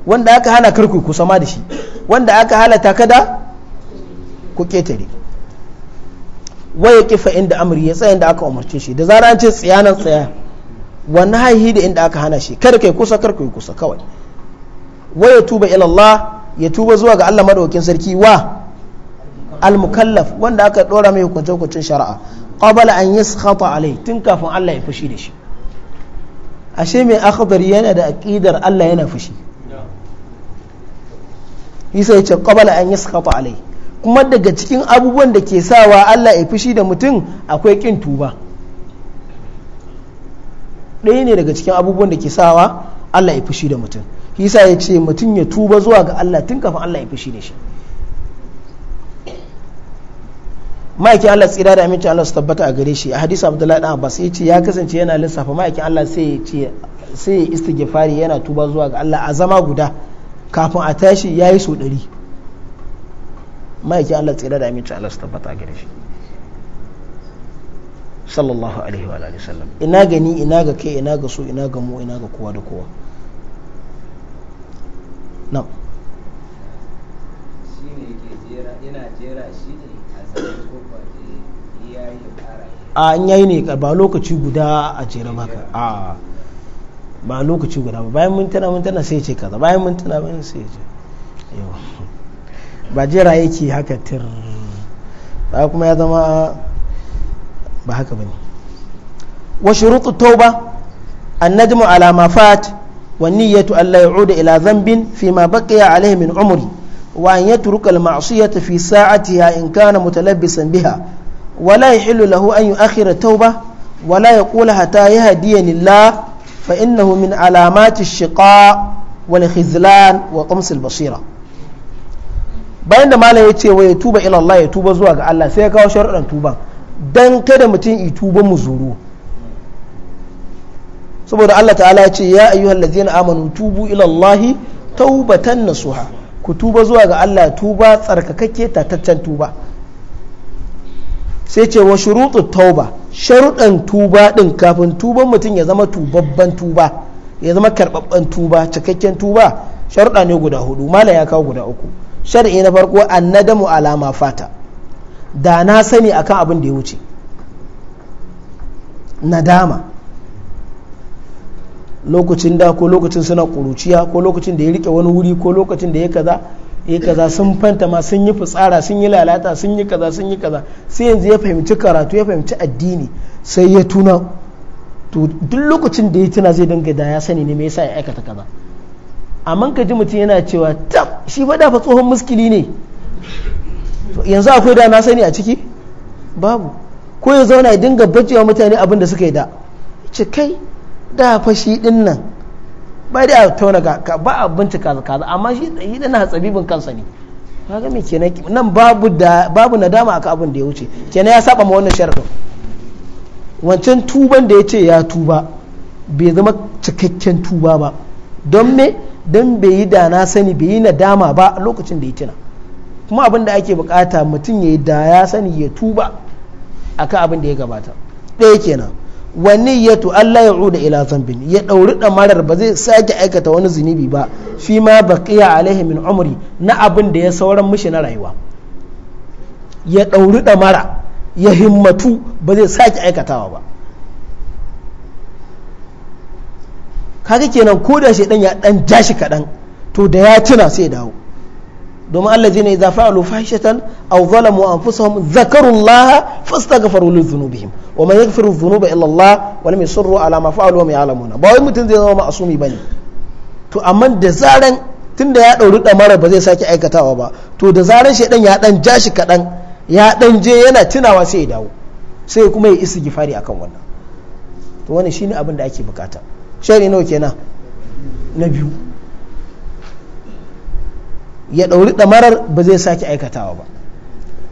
wanda aka hana karku ku sama da shi wanda aka halata kada ku ketare waya kifa inda amri ya tsayin da aka umarce shi da zara an ce tsiyanan tsaya wannan haihi da inda aka hana shi kar kai kusa kar kai kusa kawai wa ya tuba ila Allah ya tuba zuwa ga Allah madaukakin sarki wa almukallaf wanda aka dora mai hukunce hukuncin shari'a qabala an yaskhata alai tun kafin Allah ya fushi da shi ashe mai akhdar yana da aqidar Allah yana fushi Isa sai ce qabala an yaskhata alai kuma daga cikin abubuwan da ke sawa Allah ya fushi da mutum akwai kin tuba ɗaya ne daga cikin abubuwan da ke sawa Allah ya fushi da mutum yasa ya ce mutum ya tuba zuwa ga Allah tun kafin Allah ya fushi da shi ma'aikin Allah tsira da amincin Allah su tabbata a gare shi a hadisu Abdullahi dan Abbas ya ce ya kasance yana lissafa ma'aikin Allah sai ya ce sai ya istighfari yana tuba zuwa ga Allah a zama guda kafin a tashi yayi so ɗari ma'aikin Allah tsira da amincin Allah su tabbata a gare shi sallallahu alaihi wa sallam ina ga ni ina ga kai ina ga su ina ga mu ina ga kowa da kowa na a an yayi ne ba lokaci guda a jera maka a ba lokaci guda ba bayan mintana mintana sai ce kaza bayan mintana bayan sai ce ba jera yake haka tir ba kuma ya zama ba haka bane wa shurutu tauba annajmu ala ma fat wa niyyatu an la ya'uda ila dhanbin fi ma baqiya alayhi min umri wa an yatruka al ma'siyata fi sa'atiha in kana mutalabbisan biha wa la yahillu lahu an yu'akhkhira tauba wa la yaqula hatta yahdiyani Allah fa innahu min alamati ash-shiqa wal khizlan wa qams al basira bayan da malam ya ce wa ya tuba ila Allah ya tuba zuwa ga Allah sai ya kawo sharuɗan tuban dan kada mutum mu muzuru saboda Allah ta'ala ya ce ya ayyuhal ladzina amanu tubu ila Allah taubatan nasuha ku tuba zuwa ga Allah tuba tsarkakakke tataccen tuba sai ce wa shuruɗu tauba sharuɗan tuba ɗin kafin tuban mutum ya zama tubabban tuba ya zama karɓaɓɓen tuba cikakken tuba sharuɗa ne guda hudu mala ya kawo guda uku shar'i na farko annadamu alama fata da na sani akan abin da ya wuce nadama lokacin da ko lokacin suna kuruciya ko lokacin da ya rike wani wuri ko lokacin da ya kaza ya kaza sun fanta ma sun yi fitsara sun yi lalata sun yi kaza sun yi kaza sai yanzu ya fahimci karatu ya fahimci addini sai ya tuna to duk lokacin da ya tuna zai dinga da ya sani ne me yasa ya aikata kaza amma ka ji mutum yana cewa tab shi fa da fa tsohon muskili ne yanzu akwai da na sani a ciki babu ko ya zauna ya dinga bajewa mutane abin da suka yi da ce kai da fashi din nan ba da tauna ka ba a bincika kaza kaza amma shi shi na hatsabibin kansa ne kaga me kenan nan babu da babu nadama aka abin da ya wuce kenan ya saba ma wannan sharadin wancan tuban da ya ce ya tuba bai zama cikakken tuba ba don me don bai yi da na sani bai yi nadama ba a lokacin da ya tuna kuma abin da ake bukata mutum ya yi da ya sani ya tuba akan abin da ya gabata ɗaya kenan wani ya to Allah ya da ila zambin ya ɗauri ɗamarar ba zai sake aikata wani zunubi ba fi ma baqiya alaihi min umri na abin da ya sauran mishi na rayuwa ya ɗauri ɗamara ya himmatu ba zai sake aikatawa ba kaga kenan ko da shi ya ɗan ja shi kaɗan to da ya tuna sai ya dawo domin allazina a fa'alu fahishatan aw zalamu anfusahum zakarullaha fastaghfiru li dhunubihim wa man yaghfiru dhunuba illa Allah wa lam yusirru ala ma fa'alu wa ma ya'lamuna ba wai mutum zai zama ma'asumi bane to amma da zaran tunda ya dauri damara ba zai sake aikatawa ba to da zaran shedan ya dan jashi kaɗan ya dan je yana tunawa sai ya dawo sai kuma ya isi gifari akan wannan to wani shine abin da ake bukata shari'a nawa kenan na biyu ya ɗauri ɗamarar ba zai sake aikatawa ba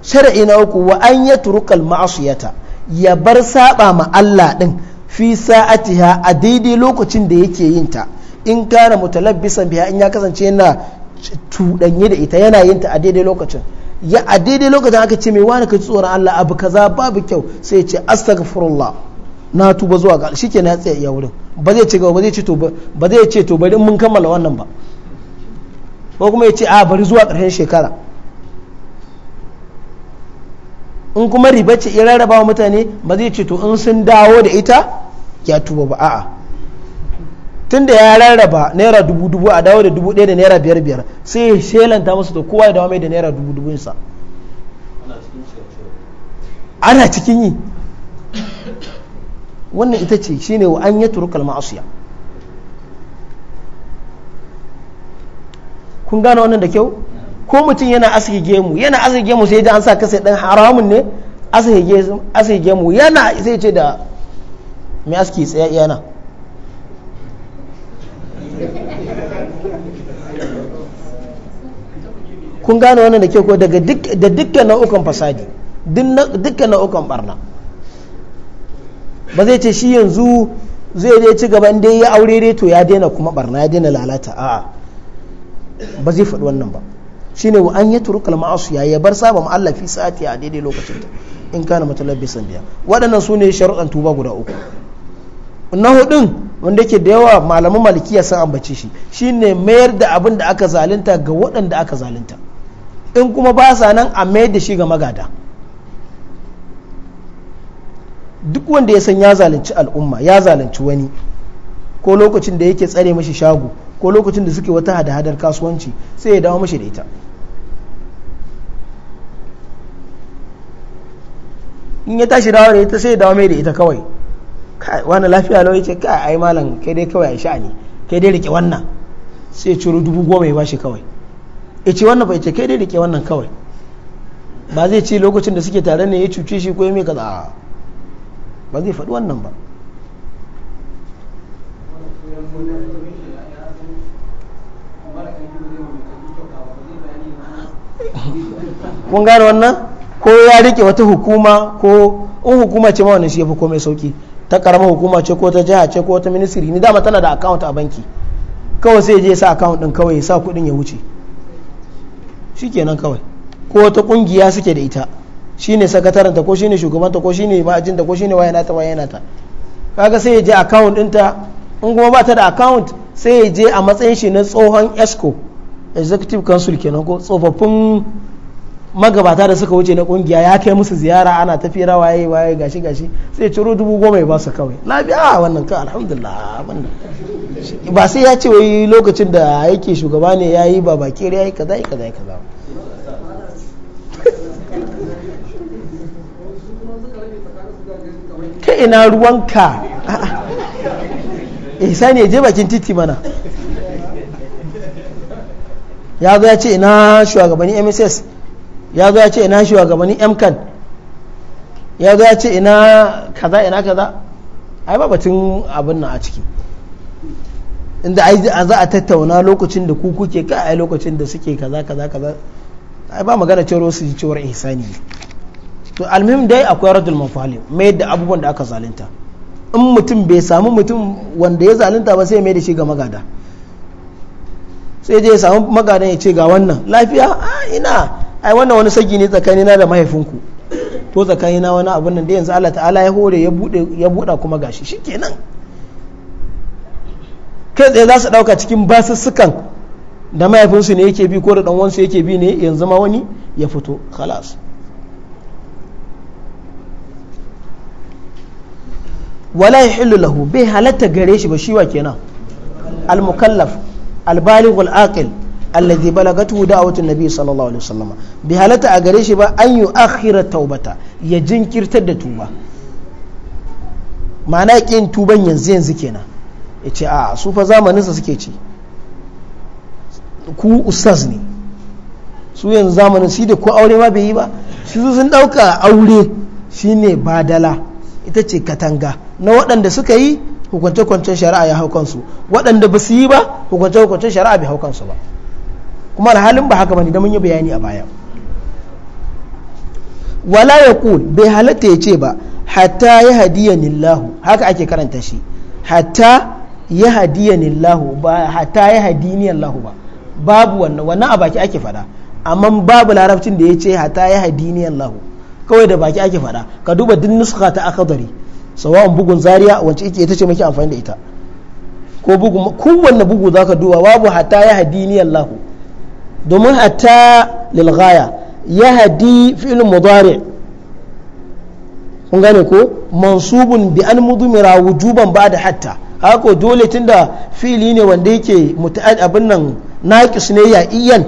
shari'i na uku wa an ya turukal ma'asiyata ya bar saba ma Allah ɗin fi sa'atiha a daidai lokacin da yake yin ta in kana mutalabbisan biya in ya kasance yana tuɗanye da ita yana yin ta a daidai lokacin ya a daidai lokacin aka ce mai wani ka tsoron Allah abu kaza babu kyau sai ce astaghfirullah na tuba zuwa ga shikenan ya tsaye iya wurin ba zai ce to ba zai ce to bari mun kammala wannan ba ko kuma ya ce a bari zuwa ƙarshen shekara in kuma riba ce ya rarraba wa mutane ba zai ce to in sun dawo da ita ya tuba ba a'a tun da ya rarraba naira dubu dubu a dawo da dubu ɗaya da naira biyar biyar sai ya shelanta masu da kowa ya dawo mai da naira dubu dubunsa ana cikin yi wannan ita ce shine wa an yi turukal ma'asiya kun gane wannan da kyau ko mutum yana asige gemu yana asige gemu sai ji an sa kasa dan haramun ne asige gemu yana sai ce da mai aski tsaya yana kun gane wannan da kyau ko daga da dukkan nau'ukan fasadi dukkan nau'ukan barna ba zai ce shi yanzu zai dai ci gaba inda ya aure dai to ya daina kuma barna ya daina lalata a'a ba zai faɗi wannan ba shine wa an yatru kal ma'asiya ya bar saba ma Allah fi sa'ati a daidai lokacin ta in kana mutalabbisan biya waɗannan su ne sharuɗan tuba guda uku na hudun wanda yake da yawa malaman malikiya sun ambace shi shine mayar da abin da aka zalunta ga waɗanda aka zalunta in kuma ba sa nan a mayar da shi ga magada duk wanda ya san ya zalunci al'umma ya zalunci wani ko lokacin da yake tsare mashi shago ko lokacin da suke wata hada-hadar kasuwanci sai ya dawo mashi da ita in ya tashi dawo da ita sai ya dawo mai da ita kawai wani lafiya lau ce ka ai malam kai dai kawai ai sha'ani kai dai rike wannan sai ya ciro dubu goma ya bashi kawai ya ce wannan bai ce kai dai rike wannan kawai ba zai ce lokacin da suke tare ne ya cuce shi ko ya mai kaza ba zai faɗi wannan ba kun gane wannan ko ya rike wata hukuma ko in hukuma ce ma wannan shi fi komai sauki ta karama hukuma ce ko ta jiha ce ko ta ministry ni dama tana da account a banki kawai sai je sa account din kawai ya sa kudin ya wuce shi kenan kawai ko ta kungiya suke da ita shi ne sakataranta ko shi ne shugabanta ko shi ne ma'ajinta ko ne wayana ta wayana ta kaga sai ya je account ɗinta in kuma ba ta da account sai ya je a matsayin shi na tsohon escrow executive council kenan ko tsofaffin magabata da suka wuce na kungiya ya kai musu ziyara ana tafi waye waye gashi gashi sai ciro dubu goma ya ba su kawai lafiya wannan ka alhamdulillah ba sai ya ce wai lokacin da yake shugaba ne ya yi ba baki ya yi kaza kaza kaza ka ina ruwanka eh sani je bakin titi mana ya zo ya ce ina shugabanni mss ya zo ya ce ina shugabanni mcan ya zo ya ce ina kaza ina kaza ai ba batun abin nan a ciki inda a za a tattauna lokacin da ku kuke ka yi lokacin da suke kaza kaza kaza ai ba magana cewar su ji cewar ihsani to almuhim dai akwai radul mafali mai da abubuwan da aka zalunta in mutum bai samu mutum wanda ya zalunta ba sai mai da shi ga magada sai je ya samu magadan ya ce ga wannan lafiya a ina ai wannan wani sagi ne tsakanina da mahaifinku ko tsakanina wani abun nan da yanzu Allah ta'ala ya hore ya bude ya buda kuma gashi shikenan kai tsaye za su dauka cikin basussukan da mahaifinsu ne yake bi ko da dan wansu yake bi ne yanzu ma wani ya fito khalas wala yahillu lahu bai halatta gare shi ba shi wa kenan al mukallaf albalighul aqil alladhi balagatu da'watu nabi sallallahu alaihi wasallam bi halata a gare shi ba an yu akhira taubata ya jinkirtar da tuba ma'ana kin tuban yanzu yanzu kenan yace a su fa zamanin sa suke ci ku ustaz ne su yanzu zamanin shi da ko aure ma bai yi ba shi su sun dauka aure shine badala ita ce katanga na waɗanda suka yi hukunce-hukuncen shari'a ya hau kansu waɗanda ba su yi ba hukunce-hukuncen shari'a bai hau kansu ba kuma alhalin ba haka ba ne da mun yi bayani a baya wala ya bai halatta ya ce ba hatta ya hadiya nillahu haka ake karanta shi hatta ya hadiya nillahu ba hatta ya ni allahu ba babu wannan wannan a baki ake faɗa amma babu larabcin da ya ce hatta ya ni allahu kawai da baki ake faɗa ka duba duk nuska ta akadari sawa'un bugun zaria wacce ita ce maki amfani da ita ko bugu kowanne bugu zaka duba babu hatta ya hadi ni Allah domin hatta lil ghaya ya hadi fi'l mudari kun gane ko mansubun bi an mudmira wujuban ba'da hatta haka dole tunda fi'li ne wanda yake muta'ad abin nan naqis ne ya iyan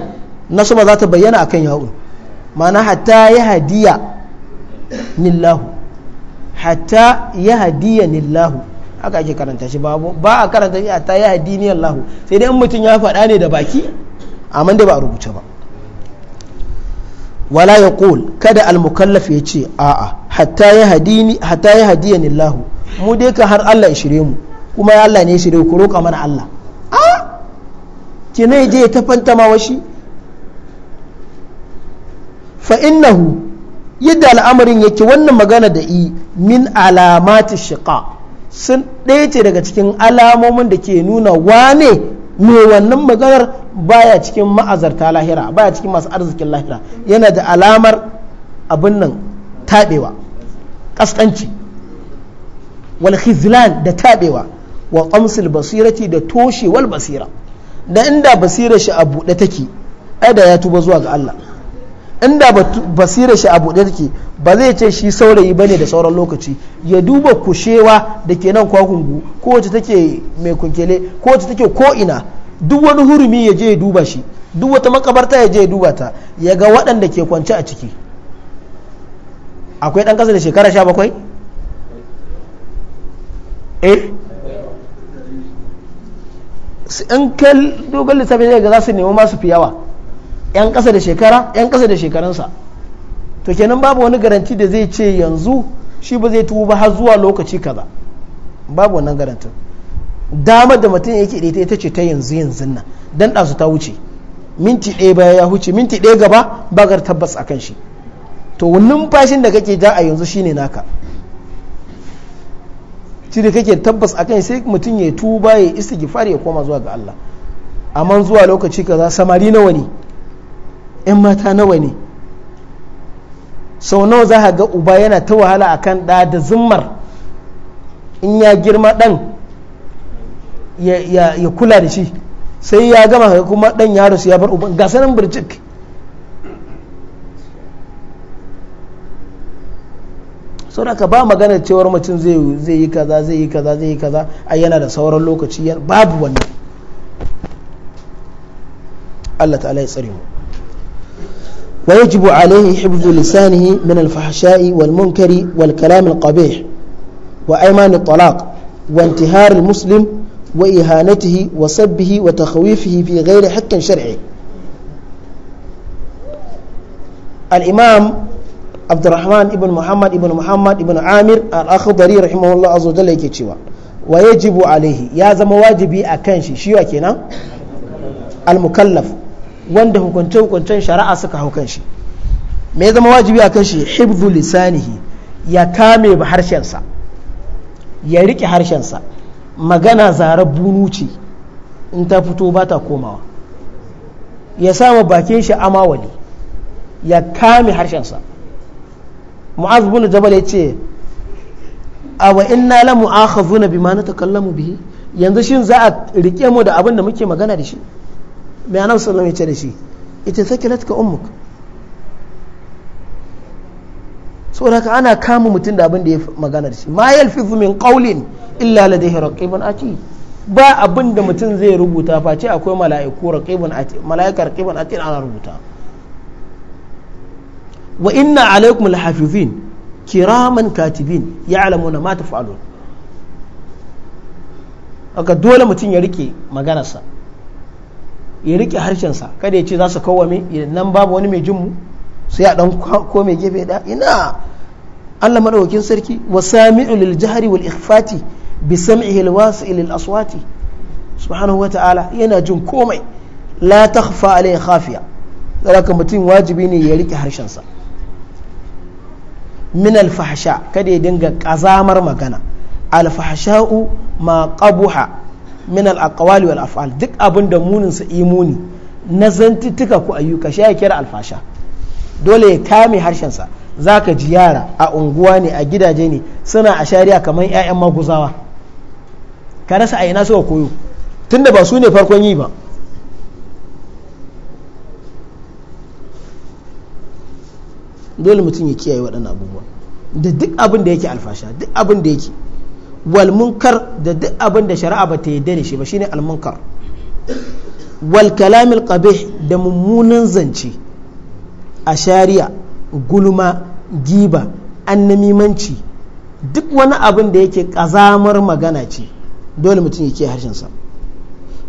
nasaba za ta bayyana akan ya'un ma'ana hatta ya hadiya lillahi hatta yahdiyani Allah haka ake karanta shi babu ba a karanta shi hatta yahdini Allah sai dai mutum ya faɗa ne da baki amma da ba a rubuce ba wala ya kada almukallaf ya ce a'a hatta ya hadini hatta Allah mu dai ka har Allah ya shire mu kuma ya Allah ne ya shire ku roƙa mana Allah a kinai je ta fanta ma washi fa innahu yadda al'amarin yake wannan magana da i min alamati shiqa sun ɗaya ce daga cikin alamomin da ke nuna wane mai wannan maganar baya cikin ma'azarta lahira baya cikin masu arzikin lahira yana da alamar abin nan taɓewa ƙasƙanci walhizlan da taɓewa wa ƙamsul basirati da toshewal basira da inda basirar shi a buɗe take ai da ya tuba zuwa ga Allah inda basira shi abu buɗe take ba zai ce shi saurayi bane da sauran lokaci ya duba kushewa da ke nan kwakungu ko wacce take mai kunkele ko wacce take ko ina duk wani hurumi ya je ya duba shi duk wata makabarta ya je ya duba ta ya ga waɗanda ke kwance a ciki akwai ɗan ƙasa da shekara sha bakwai eh in kai dogon lissafi zai ga za su nemi masu fi yawa 'yan ƙasa da shekara 'yan ƙasa da shekarunsa to kenan babu wani garanti da zai ce yanzu shi ba zai tuba har zuwa lokaci kaza babu wannan garantin damar da mutum yake da ita ce ta yanzu yanzu nan dan ɗazu ta wuce minti ɗaya baya ya huce minti ɗaya gaba bagar tabbas a kan shi to numfashin da kake ja a yanzu shine naka shi da kake tabbas a kan sai mutum ya tuba ya istighfar ya koma zuwa ga Allah amma zuwa lokaci kaza samari nawa ne 'yan mata nawa ne sau nawa za ka ga uba yana ta wahala akan ɗa da zummar in ya girma ɗan ya kula da shi sai ya gama kuma ɗan ya rasu ya bar uban ga sanin birjik ka ba magana cewar mutum zai yi kaza zai yi kaza zai yi kaza a yana da sauran lokaci babu wannan Allah ta'ala ya tsare mu ويجب عليه حفظ لسانه من الفحشاء والمنكر والكلام القبيح وأيمان الطلاق وانتهار المسلم وإهانته وسبه وتخويفه في غير حق شرعي الإمام عبد الرحمن ابن محمد ابن محمد ابن عامر الأخضري رحمه الله عز وجل يكتشوا ويجب عليه يا زم واجبي أكنشي شيوا كنا المكلف wanda hukunce-hukuncen shari'a suka hau kan shi me zama wajibi a kan shi hibzu lisanihi ya kame ba harshensa ya riƙe harshensa magana zara bunu ce in ta fito ba ta komawa ya sama bakin shi amawali ya kame harshensa mu'az bin jabal ya ce awa inna la mu'akhazuna bima natakallamu bihi yanzu shin za a rike mu da abin da muke magana da shi ma'a annabi sallallahu ya ce da shi ita sakilat ka ummuk saboda haka ana kama mutum da abin da ya maganar shi ma yalfizu min qawlin illa ladayhi raqibun atid ba abin mutum zai rubuta face akwai mala'iku raqibun atid mala'ika raqibun atid ana rubuta wa inna alaikum alhafizin kiraman katibin ya'lamuna ma taf'alun haka dole mutum ya rike maganarsa ya rike harshensa kada ya ce za su kowame nan babu wani mai jinmu sai a dan ko mai gefe da ina Allah madaukakin sarki wa sami ulil jahri wal ikhfati bi sami al wasi'i aswati subhanahu ta'ala yana jin komai la takhfa alayhi khafiya saboda mutum wajibi ne ya rike harshensa min alfahasha kada ya dinga ƙazamar magana alfahasha'u fahsha'u ma qabuha min al-aqwali wal af'al duk abin da munin sa imuni na zantuttuka ko ayyuka shi ya kira alfasha dole ya kame harshen sa zaka ji yara a unguwa ne a gidaje ne suna a shari'a kamar ƴaƴan maguzawa ka rasa a ina suka koyo tunda ba su ne farkon yi ba dole mutum ya kiyaye waɗannan abubuwa da duk abin da yake alfasha duk abin da yake wal munkar da duk abin da shari'a ba ta yarda da shi ba shine ne almunkar. wal kalamil da mummunan zance a shari'a gulma giba annamimanci duk wani abin da yake kazamar magana ce dole mutum ya ke harshensa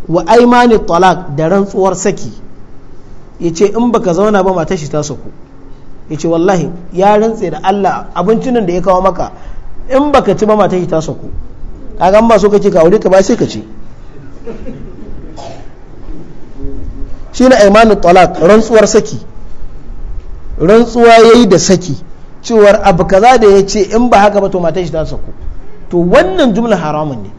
wa aimani talak da rantsuwar saki ya ce in baka zauna ba matar shi ta saku ya ce wallahi ya rantse da Allah nan da ya kawo maka in baka ci ba mata ta sako, kaga an ba so kake ka aure ka ba sai ka ci shine aimanu talak rantsuwar saki rantsuwa yayi da saki cewar abu kaza da ya ce in ba haka ba to mata shi ta sako, to wannan jumla haramun ne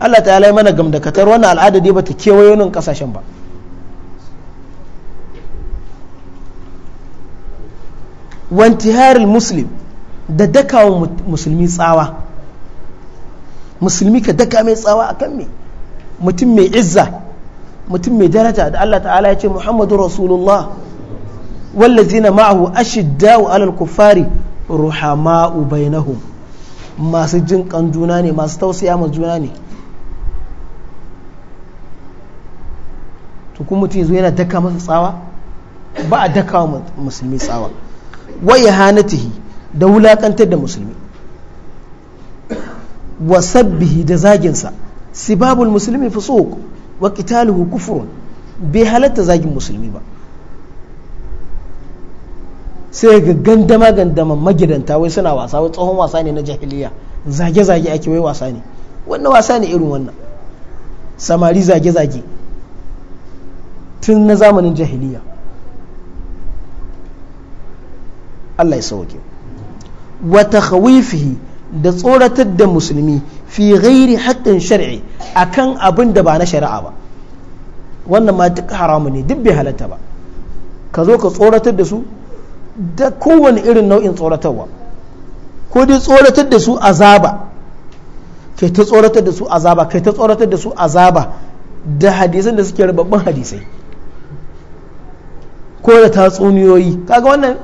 Allah ta yi mana gamdakatar wannan al'ada dai bata kewaye nan kasashen ba Wanti harin muslim da dakawa musulmi tsawa musulmi ka daka mai tsawa a kan me mutum mai izza mutum mai daraja da Allah ta'ala ya ce Muhammadu Rasulullah wallazina ma'ahu ashiddau alal kufari ruhama'u bainahum masu jin kan juna ne masu tausaya ma juna ne to kuma mutum yana daka masa tsawa ba a daka wa musulmi tsawa wai hanatihi da wulakantar da musulmi wasabbihi sabbihi da zaginsa sibabul musulmi fusuq wa qitaluhu kufrun bai halatta zagin musulmi ba sai ga gandama gandama magidanta wai suna wasa wai tsohon wasa ne na jahiliya zage zage ake wai wasa ne wannan wasa ne irin wannan samari zage zage tun na zamanin jahiliya Allah ya sauke wata takhawifihi da tsoratar da musulmi fi ghairi haƙƙin shar'i akan abin da ba na shari'a ba wannan ma duk haramu ne duk bai halatta ba ka zo ka tsoratar da su da kowane irin nau'in tsoratarwa ko dai tsoratar da su azaba kai ta tsoratar da su azaba kai ta tsoratar da su azaba da hadisan da suke rubabban hadisai ko da tatsuniyoyi kaga wannan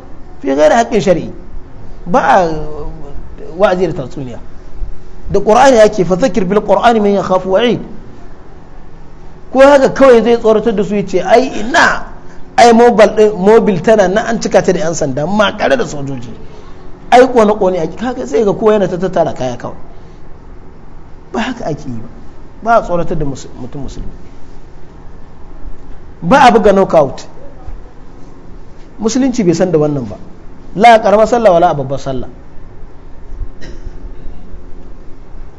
fi ghairi haƙƙin shar'i ba a wa'azi da tatsuniya da ƙur'ani yake fa zakir bil mai yin hafi wa'i ko haka kawai zai tsoratar da su yi ce ai ina ai mobil tana na an cika ta da yan sanda makare da sojoji ai kone kone ake kaga sai ga kowa yana ta tattara kaya kawai ba haka ake yi ba ba a tsoratar da mutum musulmi ba a buga knockout musulunci bai san da wannan ba la a karamar sallah wala a babbar sallah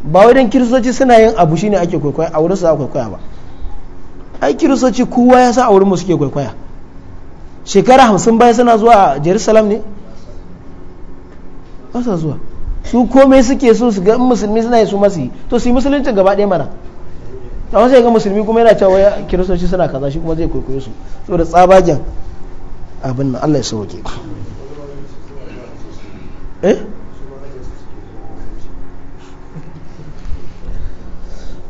ba wai dan kiristoci suna yin abu shine ake kwaikwaya a wurin su kwaikwaya ba ai kiristoci kowa ya sa a wurin mu suke kwaikwaya shekara hamsin baya suna zuwa a jerusalem ne ba sa zuwa su komai suke so su ga musulmi suna yi su masu yi to su yi musulunci gaba ɗaya mana a wasu ga musulmi kuma yana cewa ya kiristoci suna kaza shi kuma zai kwaikwayo su saboda tsabagen abin nan Allah ya sauke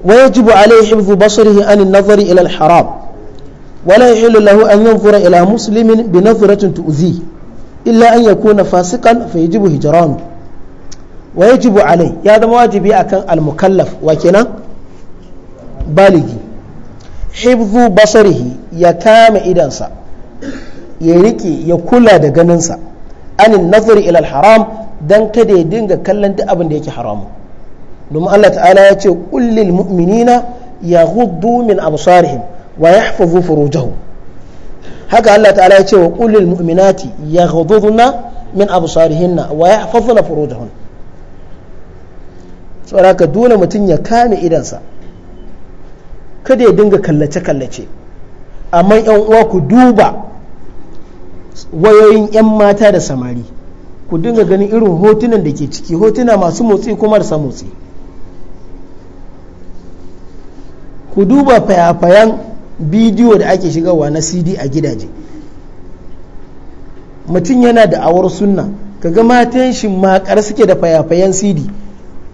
ويجب عليه حفظ بصره عن النظر إلى الحرام ولا يحل له أن ينظر إلى مسلم بنظرة تؤذيه إلا أن يكون فاسقا فيجب هجرانه ويجب عليه هذا واجب أكن المكلف وكنا بالغي حفظ بصره يكام إدنسا يريكي يكل دقننسا anin nazari ilal haram dan kada ya dinga kallon duk abin da yake haramu domin Allah ta'ala ya ce kullil mu'minina yaghuddu min absarihim wa yahfazu furujahum haka Allah ta'ala ya ce wa kullil mu'minati yaghudduna min absarihinna wa yahfazuna furujahun saboda dole mutum ya kame idansa kada ya dinga kallace kallace amma yan uwa ku duba wayoyin 'yan mata da samari ku dinga ganin irin hotunan da ke ciki hotuna masu motsi kuma da motsi ku duba fayafayan bidiyo da ake shigarwa na cd a gidaje mutum yana da awar sunna kaga matan shi makar suke da fayafayan cd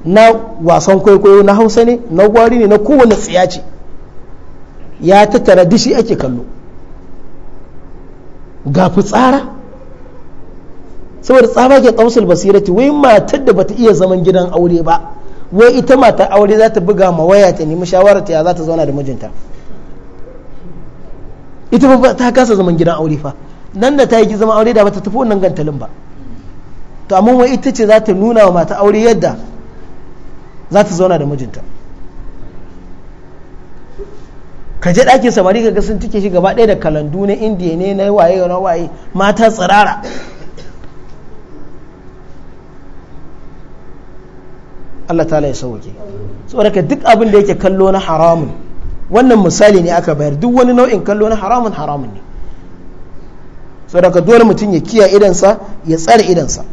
na wasan kwaikwayo na hausa ne na gwari ne na kowane tsiya ce ya tattara dishi ake kallo ga tsara saboda tsaba ke kausar basirati wai matar da bata iya zaman gidan aure ba wai ita matar aure za ta buga ma waya ta nemi shawarar ta ya za ta zauna da mijinta ita ba ta kasa zaman gidan aure fa nan da ta yi zaman aure da bata tafi wannan gantalin ba to amma wai ita ce za ta nuna wa mata aure yadda za ta zauna da mijinta ka je ɗakin samari ga sun tike shi gaba ɗaya da kalandu na indiya ne na waye na waye mata tsirara Allah ta ya sauke tsoraka duk abin da yake kallo na haramun wannan misali ne aka bayar duk wani nau'in kallo na haramun haramun ne tsoraka dole mutum ya kiya idansa ya tsare idansa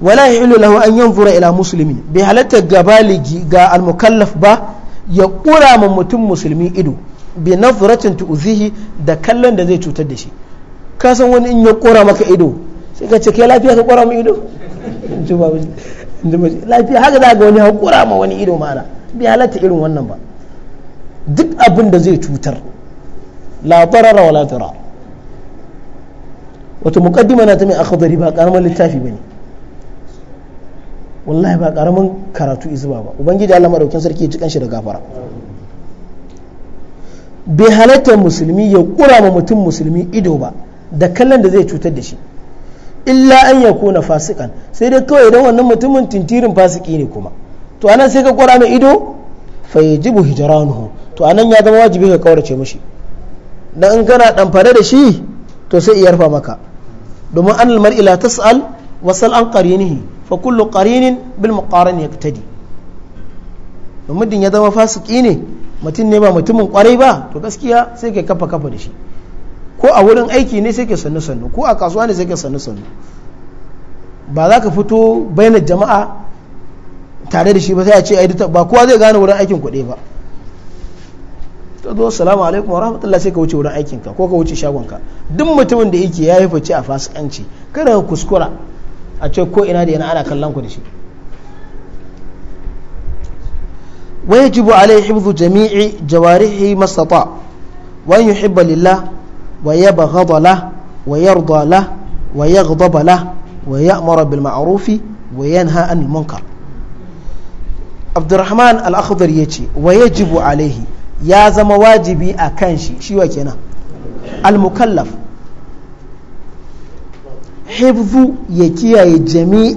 wala yahillu lahu an yanzura ila muslimin bai halatta ga baligi ga almukallaf ba ya ƙura ma mutum musulmi ido bi nazratin tu'zihi da kallon da zai cutar da shi ka san wani in ya ƙura maka ido sai ka ce kai lafiya ka ƙura mu ido lafiya haka za ga wani ya ƙura ma wani ido mana bi halatta irin wannan ba duk abin da zai cutar la darara wala dara wato muqaddima na ta mai akhdari ba karamar littafi bane wallahi ba karamin karatu izuma ba ubangiji Allah madaukin sarki ya ci kanshi da gafara bai halatta musulmi ya kura ma mutum musulmi ido ba da kallon da zai cutar da shi illa an ya kona fasikan sai dai kawai idan wannan mutumin tintirin fasiki ne kuma to anan sai ka kura mai ido fa yajibu hijranuhu to anan ya zama wajibi ka kaurace mishi dan in kana damfare da shi to sai iyarfa maka domin an almar ila tas'al wasal an qarinihi fa kullu qarinin ya tadi yaktadi muddin ya zama fasiki ne mutum ne ba mutumin kwarai ba to gaskiya sai ka kafa kafa da shi ko a wurin aiki ne sai ka sannu sannu ko a kasuwa ne sai ka sannu sannu ba za ka fito bayyana jama'a tare da shi ba sai a ce ai ba kowa zai gane wurin aikin kuɗi ba ta zo salamu alaikum wa rahmatullah sai ka wuce wurin aikinka ko ka wuce shagonka duk mutumin da yake ya yi fice a fasikanci kada ka kuskura a ko ina da yana ana kallan ku da shi wai jibu alai hibzu jami'i jawarihi masata wani yi hibba lillah wa ya ba gadala wa ya rudala wa ya gadabala wa ya amara bil ma'arufi wa ya nha an munkar abdurrahman al'akhadar ya ce wa alaihi ya zama wajibi a kan shi shi wa kenan hifzu ya kiyaye jami'i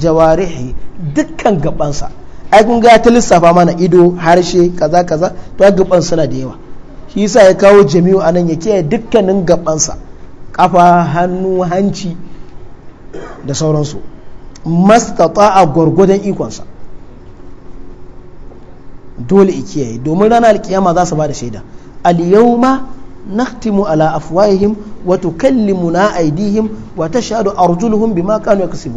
jawarihi dukkan gabansa ai kun ga ta lissafa mana ido harshe kaza kaza to gaban suna da yawa shi yasa ya kawo jami'u anan ya kiyaye dukkanin gabansa kafa hannu hanci da sauransu mastata a gwargwadon ikonsa dole ikiyaye kiyaye domin ranar alkiyama za su ba da shaida al yawma nakhtimu ala afwahihim wa tukallimuna aydihim wa tashhadu arjuluhum bima kanu su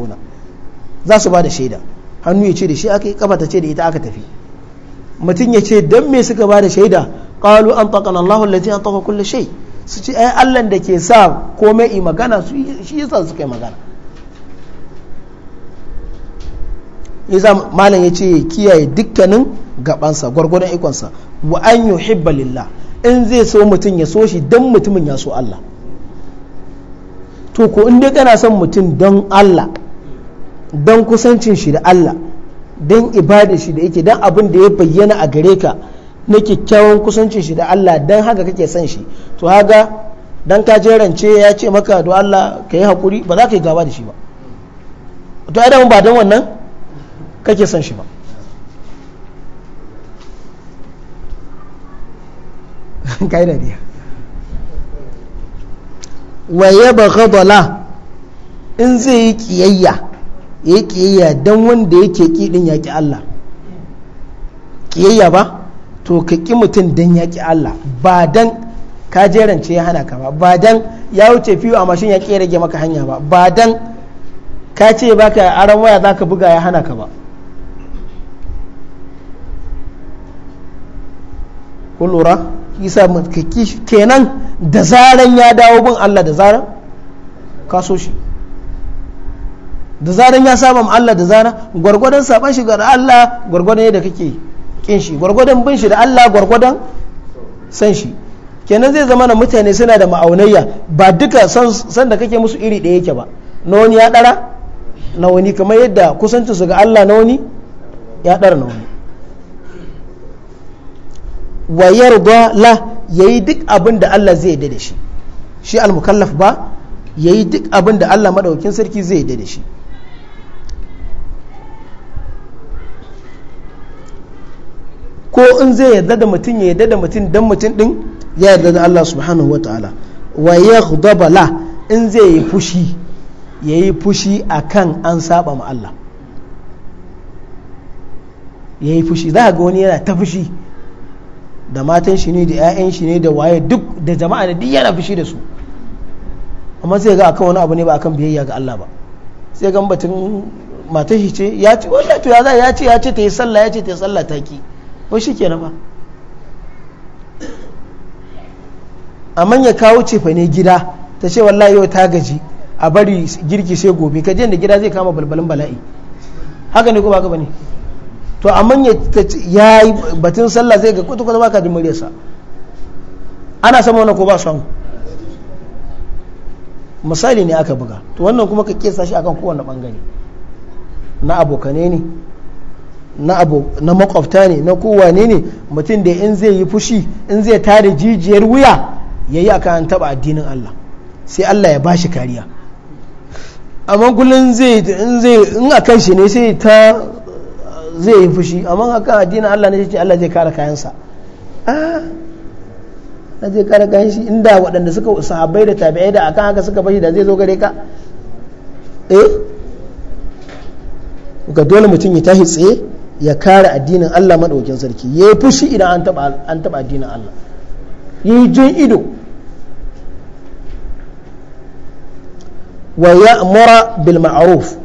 ba da da shi aka yi kafa da ita aka tafi mutum ya ce dan me suka ba shaida qalu an taqana su ce da ke sa komai i magana su magana yasa malam ya kiyaye dukkanin gabansa gwargwadon ikonsa wa an yuhibba lillah in zai so mutum ya so shi don mutumin ya so Allah to ko in dai kana son mutum don Allah don kusancin shi da Allah don ibadar shi da yake don abin da ya bayyana a gare ka na kyakkyawan kusancin shi da Allah don haka kake son shi to haga don ka jerance ya ce maka do Allah ka yi haƙuri ba za ka yi gaba da shi ba to ai ba don wannan kake son shi ba kai da riya wa ya in zai yi kiyayya ya yi kiyayya don wanda yake ki din ya Allah kiyayya ba to ka ki mutum don ya Allah ba dan ka jerance ya hana ka ba ba dan ya wuce fiyo a mashin ya ki rage maka hanya ba ba dan ka ce baka aron waya zaka buga ya hana ka ba kun yasa mutkaki kenan da zaran ya dawo bin Allah da zaran ka so shi da zaran ya saba ma Allah da zaran gwargwadon saban shi ga Allah gwargwadon yadda kake kin shi gwargwadon bin shi da Allah gwargwadon san shi kenan zai zama na mutane suna da ma'aunayya ba duka san da kake musu iri ɗaya yake ba na wani ya ɗara na wani kamar yadda kusancinsu ga Allah na wani ya ɗara na wani wa yarda la yayi duk abin da Allah zai yarda da shi shi al-mukallaf ba yayi duk abin da Allah maɗaukin sarki zai yarda da shi ko in zai yarda da mutum ya yarda da mutum dan mutum din ya yarda da Allah subhanahu wataala wa yaghdaba la in zai yi fushi yayi fushi akan an saba ma Allah yayi fushi za ga wani yana ta fushi da matan shi ne da 'ya'yan shi ne da waye duk da jama'a da duk yana fushi da su amma sai ga akan wani abu ne ba akan biyayya ga Allah ba sai ga batun matan shi ce ya ce wanda to ya za ya ce ya ce ta yi sallah ya ce ta yi sallah ta ki wai shi kenan ba amma ya kawo cefa ne gida ta ce wallahi yau ta gaji a bari girki sai gobe ka da gida zai kama balbalin bala'i haka ne ko ba ka bane to amma ya yi batun sallah zai ga kwatakwa ba baka ji muryarsa ana sama wani ko ba son misali ne aka buga to wannan kuma ka kesa shi akan kowane bangare na abokane ne na makwabta ne na kowane ne mutum da in zai yi fushi in zai tare jijiyar wuya ya yi aka taba addinin Allah sai Allah ya shi kariya amma kullum in a kan shi ne sai ta zai yi fushi amma haka addinin Allah ne ce Allah zai kare kayansa a ah, zai kare kayan shi inda waɗanda suka sahabai da tabi'ai da akan haka suka bashi da zai zo gare ka eh ga dole mutum ya tashi tsaye ya kare addinin Allah madaukin sarki yayi fushi idan an taba taba addinin Allah yi jin ido wa ya'mura bil ma'ruf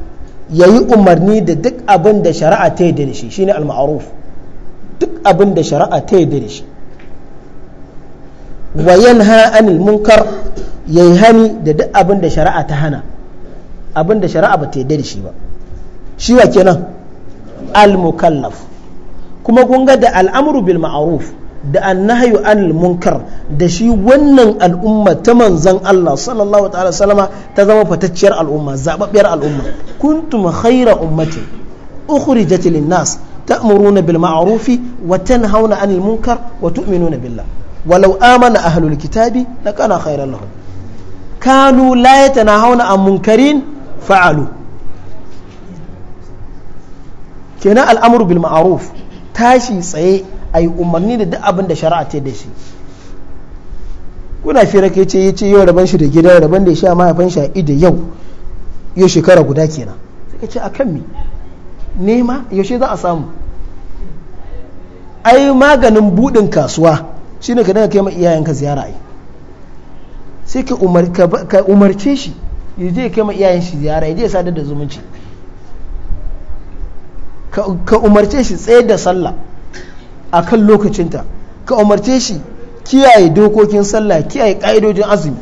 ya yi umarni da duk abin da shari'a ta yi da shi shine al-ma'ruf duk abin da shari'a ta yi da shi wa yanha anil munkar yi hani da duk abin da shari'a ta hana abin da shari'a ba ta yi da shi ba shi wa kenan al-mukallaf kuma kun ga da al'amru bil ma'ruf da annahyu anil munkar da shi wannan al'umma ta manzan Allah sallallahu ta'ala salama ta zama fatacciyar al'umma zababbiyar al'umma kuntum khaira ummati ukhrijat lin nas ta'muruna bil ma'ruf wa tanhauna anil munkar wa tu'minuna billah walau amana ahlul kitabi lakana khayran lahum kanu la yatanahawna an munkarin fa'alu kenan al'amru bil ma'ruf tashi tsaye a yi umarni da duk abin da shari'a ce da shi kuna fira ke ce yace yau rabon shi da gida rabon da ya sha mahaifan shi a ida yau yau shekara guda kenan Ka ce a kan me nema yaushe za a samu ai maganin budin kasuwa shine ka dinga kai ma iyayenka ziyara ai sai ka umarce shi ya je kai ma iyayen shi ziyara ya je sadar da zumunci ka umarce shi tsaye da sallah a kan lokacinta ka umarce shi kiyaye dokokin sallah kiyaye ƙa'idojin azumi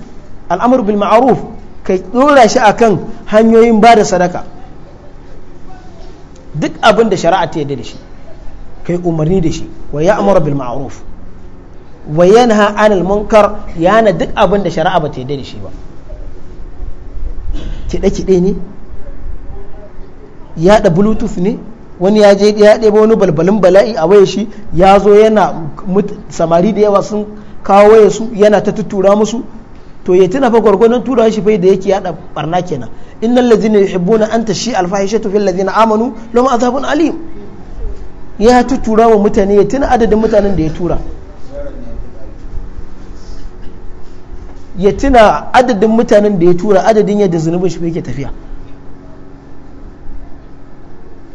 al'amur bil ma'aruf ka ɗora shi a kan hanyoyin ba da sadaka duk abin da shari'a ta yadda da shi kai umarni da shi wa ya amara bil ma'aruf wa yanha anil munkar yana duk abin da shari'a ba ta yadda da shi ba kiɗe-kiɗe ne yaɗa bluetooth ne wani ya je ya ɗebo wani balbalin bala'i a waya shi ya zo yana samari da yawa sun kawo waya su yana ta tuttura musu to ya tuna fa gwargwadon tura shi fai da yake yada barna kenan innal ladzina yuhibbuna an tashi alfahishatu fil ladzina amanu lahum azabun alim ya tuttura wa mutane ya tuna adadin mutanen da ya tura ya tuna adadin mutanen da ya tura adadin yadda zunubin shi yake tafiya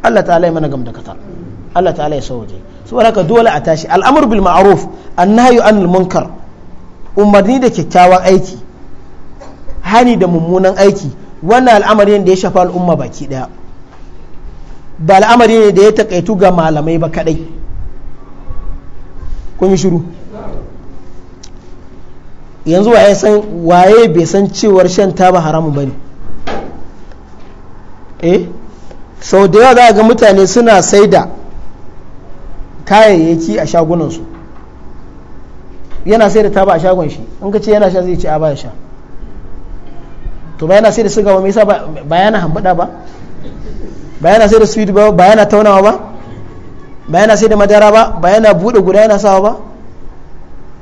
Allah ta ya mana gam da kata Allah ta ta'ala waje. sauke saboda haka dole a tashi Al'amur bil ma'ruf annahyu anil munkar umarni da kyakkyawan aiki hani da mummunan aiki wannan al'amari ne da ya shafa al'umma baki daya ba al'amari ne da ya takaitu ga malamai ba kadai kun yi shiru yanzu waye san waye bai san cewar shan taba ba bane eh sau da yawa za ga mutane suna sai da kayayyaki a shagunansu yana sai da taba a shagon shi in ka ce yana sha zai ce a baya sha to ba sai da suga ba mai sa ba yana hambada ba bayana sai da sweet ba ba yana taunawa ba bayana sai da madara ba bayana buɗe bude guda yana sawa ba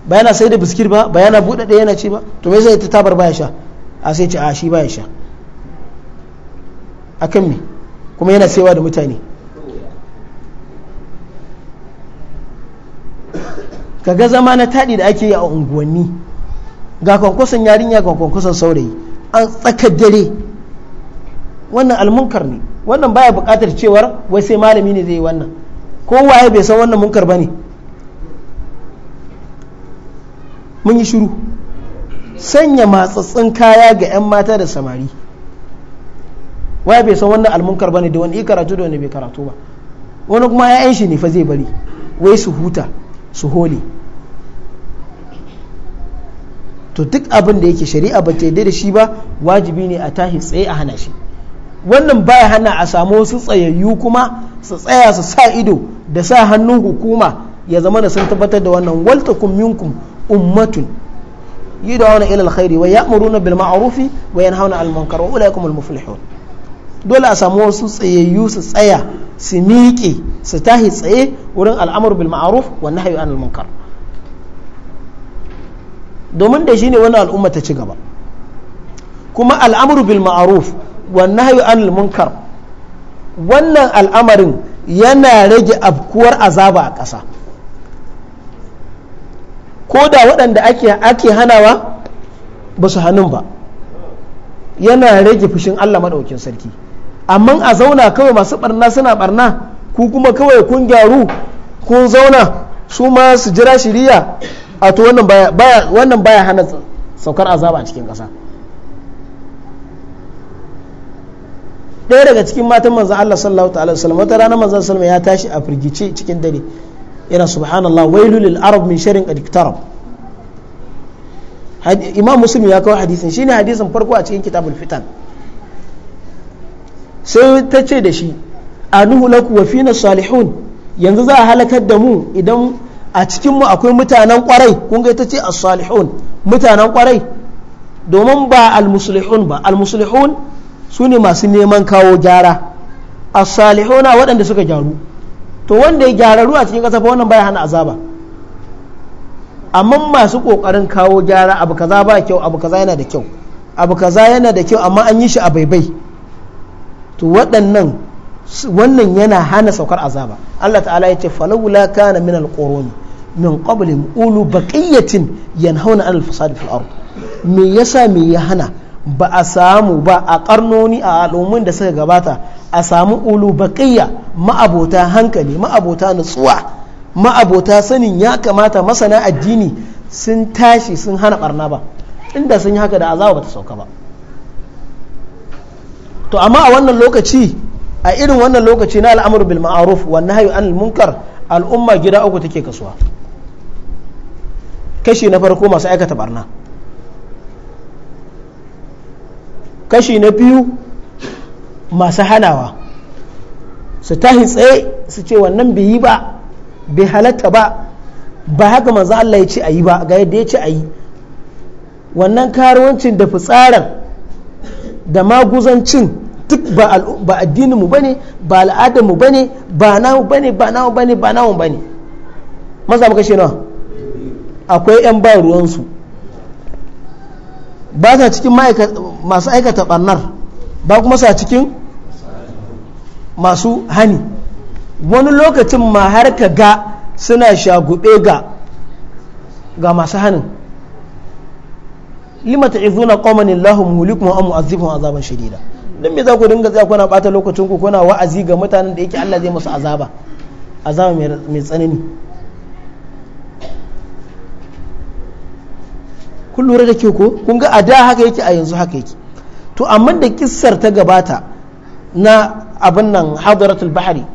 bayana sai da biskit ba ba buɗe bude ɗaya yana ci ba to me yasa ta tabar baya sha a sai ce a shi baya sha akan me kuma yana saiwa da mutane kaga zama na taɗi da ake yi a unguwanni ga kwankwason yarinya ga kwankwason saurayi an tsakar dare wannan almunkar ne wannan baya buƙatar cewar wai sai malami ne zai yi wannan kowaye bai san wannan munkar ba ne mun yi shiru sanya matsatsin kaya ga 'yan mata da samari waya bai san wannan almunkar bane da wani karatu da wani bai karatu ba wani kuma ya shi ne fa zai bari wai su huta su hole to duk abin da yake shari'a ba ta da shi ba wajibi ne a tashi tsaye a hana shi wannan baya hana a samu wasu tsayayyu kuma su tsaya su sa ido da sa hannun hukuma ya zama da sun tabbatar da wannan waltakum minkum ummatun yidawuna ila alkhairi wa ya'muruna bil ma'rufi wa yanhauna 'anil munkar wa ulaikumul muflihun dole a samu wasu tsayayyu su tsaya su miƙe su tahi tsaye wurin al'amur bil ma'ruf wa nahyu anil munkar domin da shine wani al'umma ta ci gaba kuma al'amur bil ma'ruf wa nahyu anil munkar wannan al'amarin yana rage afkuwar azaba a ƙasa ko da waɗanda ake hanawa ba su hannun ba yana rage fushin Allah maɗaukin sarki amma a zauna kawai masu barna suna barna ku kuma kawai kun gyaru kun zauna su ma su jira shiriya a to wannan baya hana saukar azaba a cikin ƙasa ɗaya daga cikin matan manzan Allah sallallahu ta'ala wasallam wata rana manzan sallallahu ya tashi a firgice cikin dare yana subhanallah wailu lil arab min sharin qad imam muslim ya kawo hadisin shine hadisin farko a cikin kitabul fitan sai ta ce da shi a nuhu laku wa fina salihun yanzu za a halakar da mu idan a cikin mu akwai mutanen kwarai kun ga ta ce a salihun mutanen kwarai domin ba al musulihun ba al musulihun su ne masu neman kawo gyara a salihuna waɗanda suka gyaru to wanda ya gyararru a cikin ƙasa fa wannan baya hana azaba amma masu ƙoƙarin kawo gyara abu kaza ba kyau abu kaza yana da kyau abu kaza yana da kyau amma an yi shi a baibai to waɗannan wannan yana hana saukar azaba Allah ta'ala ya ce falawla kana min alquruni min qablin ulu baqiyatin yanhauna anil fasadi fil ard me yasa me ya hana ba a samu ba a karnoni a al'ummin da suka gabata a samu ulu baqiya ma'abota hankali ma'abota nutsuwa ma'abota sanin ya kamata masana addini sun tashi sun hana barna ba inda sun yi haka da azaba bata sauka ba to amma a wannan lokaci a irin wannan lokaci na al'amur bil ma'aruf wa nahyu anil munkar al'umma gida uku take kasuwa kashi na farko masu aikata barna kashi na biyu masu hanawa su tahi tsaye su ce wannan bai yi ba bai halatta ba ba haka manzo Allah ya ce a yi ba ga yadda ya ce a yi wannan karuwancin da fitsarar da maguzancin duk ba addinin mu bane ba al'adar mu bane ba namu bane ba namu bane ba namu bane maza muka shi nawa akwai yan ba ruwansu ba sa cikin masu aikata barnar ba kuma sa cikin masu hani wani lokacin ma har ka ga suna shagube ga ga masu hanin lima ta'izuna qauman illahu muhlikum wa mu'azzibun azaban shadida don me za ku dinga tsaya kuna bata lokacin ku kuna wa'azi ga mutanen da yake Allah zai musu azaba azaba mai tsanani kun lura da ke ko kun ga a da haka yake a yanzu haka yake to amma da kissar ta gabata na abin nan hadaratul bahari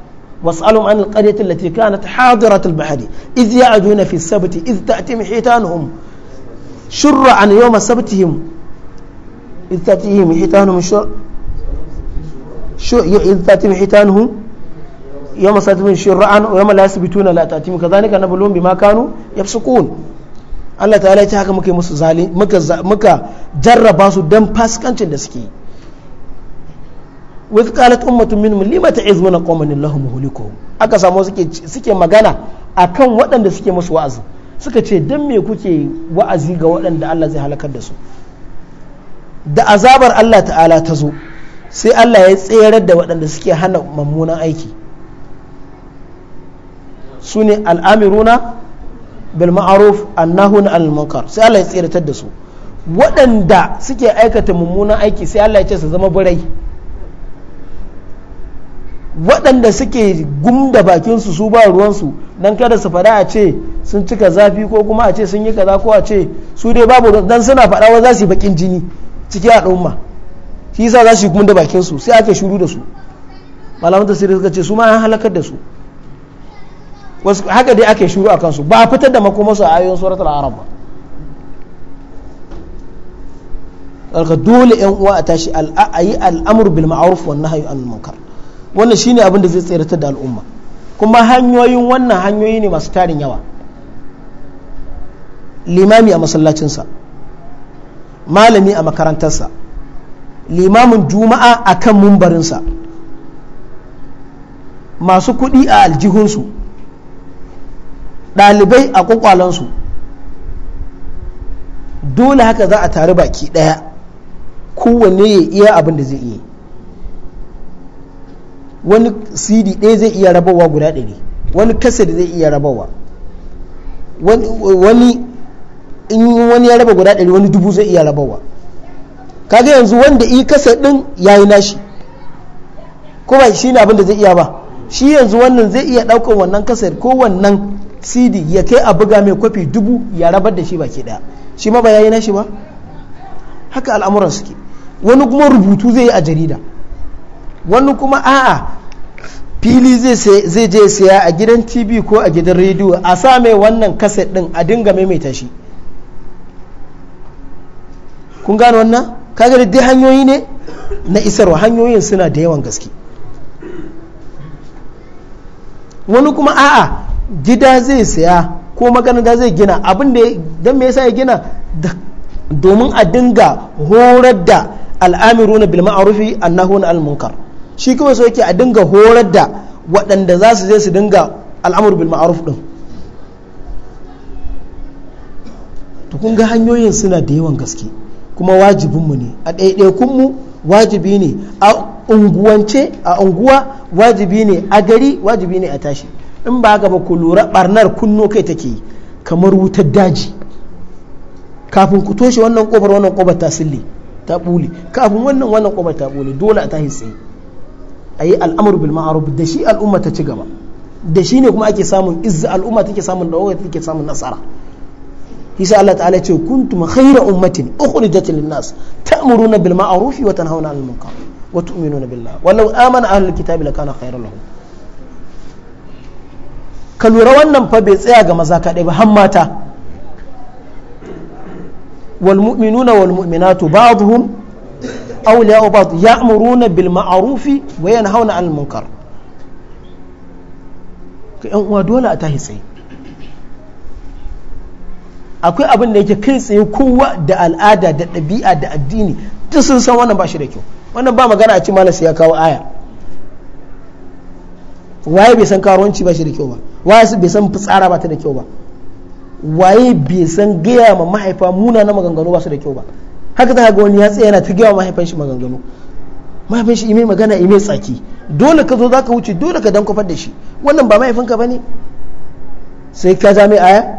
واسألهم عن القرية التي كانت حاضرة البحر إذ يعدون في السبت إذ تأتيهم حيتانهم شر عن يوم سبتهم إذ تأتيهم حيتانهم شر إذ تأتي حيتانهم يوم صادفهم شرعا ويوم لا يثبتون لا تأتيهم كذلك بما كانوا يفسقون Allah ta'ala ya haka muka yi musu zali muka jarraba su dan fasikancin da suke wa qalat ummatun minhum lima ta'izuna qauman Allahu muhlikuhum aka samu suke suke magana akan waɗanda suke musu wa'azi suka ce dan me kuke wa'azi ga waɗanda Allah zai halakar da su da azabar Allah ta'ala ta zo sai Allah ya tserar da waɗanda suke hana mummunan aiki su ne al'amiruna bil ma'aruf annahun al munkar sai Allah ya tseratar da su waɗanda suke aikata mummunan aiki sai Allah ya ce su zama birai waɗanda suke gumda bakinsu su ba ruwansu don kada su fada a ce sun cika zafi ko kuma a ce sun yi kaza ko a ce su dai babu don suna faɗa wa za su yi bakin jini cikin al'umma shi yasa za su yi kuma da bakin su sai aka shuru da su malaman tafsiri suka ce su ma an halakar da su wasu haka dai ake shuru a kansu ba fitar da makomarsu a ayoyin suratul arab ba daga dole yan uwa a tashi a yi al'amur bil ma'ruf wa nahyi an munkar wannan shine abin da zai tsayar da al'umma kuma hanyoyin wannan hanyoyi ne masu tarin yawa limami a masallacinsa malami a makarantarsa limamin juma'a a kan mumbarinsa masu kuɗi a aljihunsu ɗalibai a kwakwalansu dole haka za a tare baki ɗaya kowanne ya iya abin da zai iya wani cd ɗaya zai iya rabawa guda ɗari wani kaset zai iya rabawa wani in wani ya raba guda ɗari wani dubu zai iya rabawa kaga yanzu wanda yi kasa din yayi nashi kuma shi ne abin da zai iya ba shi yanzu wannan zai iya ɗaukar wannan kasar ko wannan cd ya kai a buga mai kwafi dubu ya rabar da shi baki ɗaya shi ma ba yayi nashi ba haka al'amuran suke wani kuma rubutu zai yi a jarida wani kuma a'a fili zai je saya a gidan tv ko a gidan rediyo a sa mai wannan kaset din a dinga maimaita shi kun gane wannan kaga dai hanyoyi ne na isarwa hanyoyin suna da yawan gaske wani kuma a'a gida zai saya ko makaranta zai gina abin da don me yasa ya gina domin a dinga horar da al'amiru na bilma a annahu na almunkar shi kuma so yake a dinga horar da waɗanda za su je su dinga al'amur bilma a to kun ga hanyoyin suna da yawan gaske kuma wajibinmu ne a ɗaiɗaikunmu wajibi ne a unguwance a unguwa wajibi ne a gari wajibi ne a tashi in ba gaba ba ku lura barnar kunno kai take kamar wutar daji kafin ku toshe wannan kofar wannan kofar ta sille ta bule kafin wannan wannan kofar ta bule dole a tashi tsaye a yi al'amur bil ma'aruf da shi al'umma ta ci gaba da shi ne kuma ake samun izza al'umma take samun dawo take samun nasara yasa Allah ta'ala ce kuntum khayra ummatin ukhrijat lin-nas ta'muruna bil ma'ruf wa tanhauna 'anil munkar wa tu'minuna billah walau amana ahlul kitabi lakana khayran lahum ka lura wannan fa bai tsaya ga maza kadai ba har mata wal mu'minuna wal mu'minatu ba'dhum awliya'u ba'd ya'muruna bil ma'rufi wa yanhauna 'anil munkar ka yan uwa dole a tahi tsaye akwai abin da yake kai tsaye kowa da al'ada da ɗabi'a da addini duk sun san wannan ba shi da kyau wannan ba magana a ce malam sai ya kawo aya waye bai san karuwanci ba shi da kyau ba waye bai san fitsara ba ta da kyau ba waye bai san gaya ma mahaifa muna na maganganu ba su da kyau ba haka ta ga wani ya tsaye yana ta gaya mahaifan shi maganganu mahaifin shi imai magana imai tsaki dole ka zo za ka wuce dole ka dan kwafar da shi wannan ba mahaifinka ba ne sai ka ja mai aya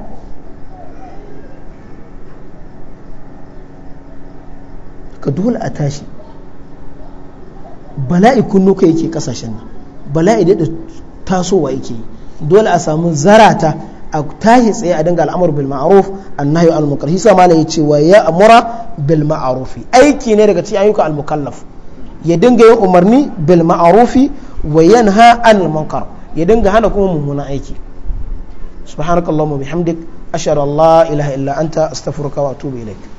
ka dole a tashi bala'i kunno ka yake kasashen nan bala'i da tasowa yake dole a samu zarata a tashi tsaye a dinga al'amur bil ma'ruf annahyu al munkar hisa malam yace wa ya amura bil ma'ruf aiki ne daga cikin ayyuka al mukallaf ya dinga yin umarni bil ma'ruf wa yanha anil munkar ya dinga hana kuma mummunan aiki subhanakallahumma bihamdik ashhadu an la ilaha illa anta astaghfiruka wa atubu ilaik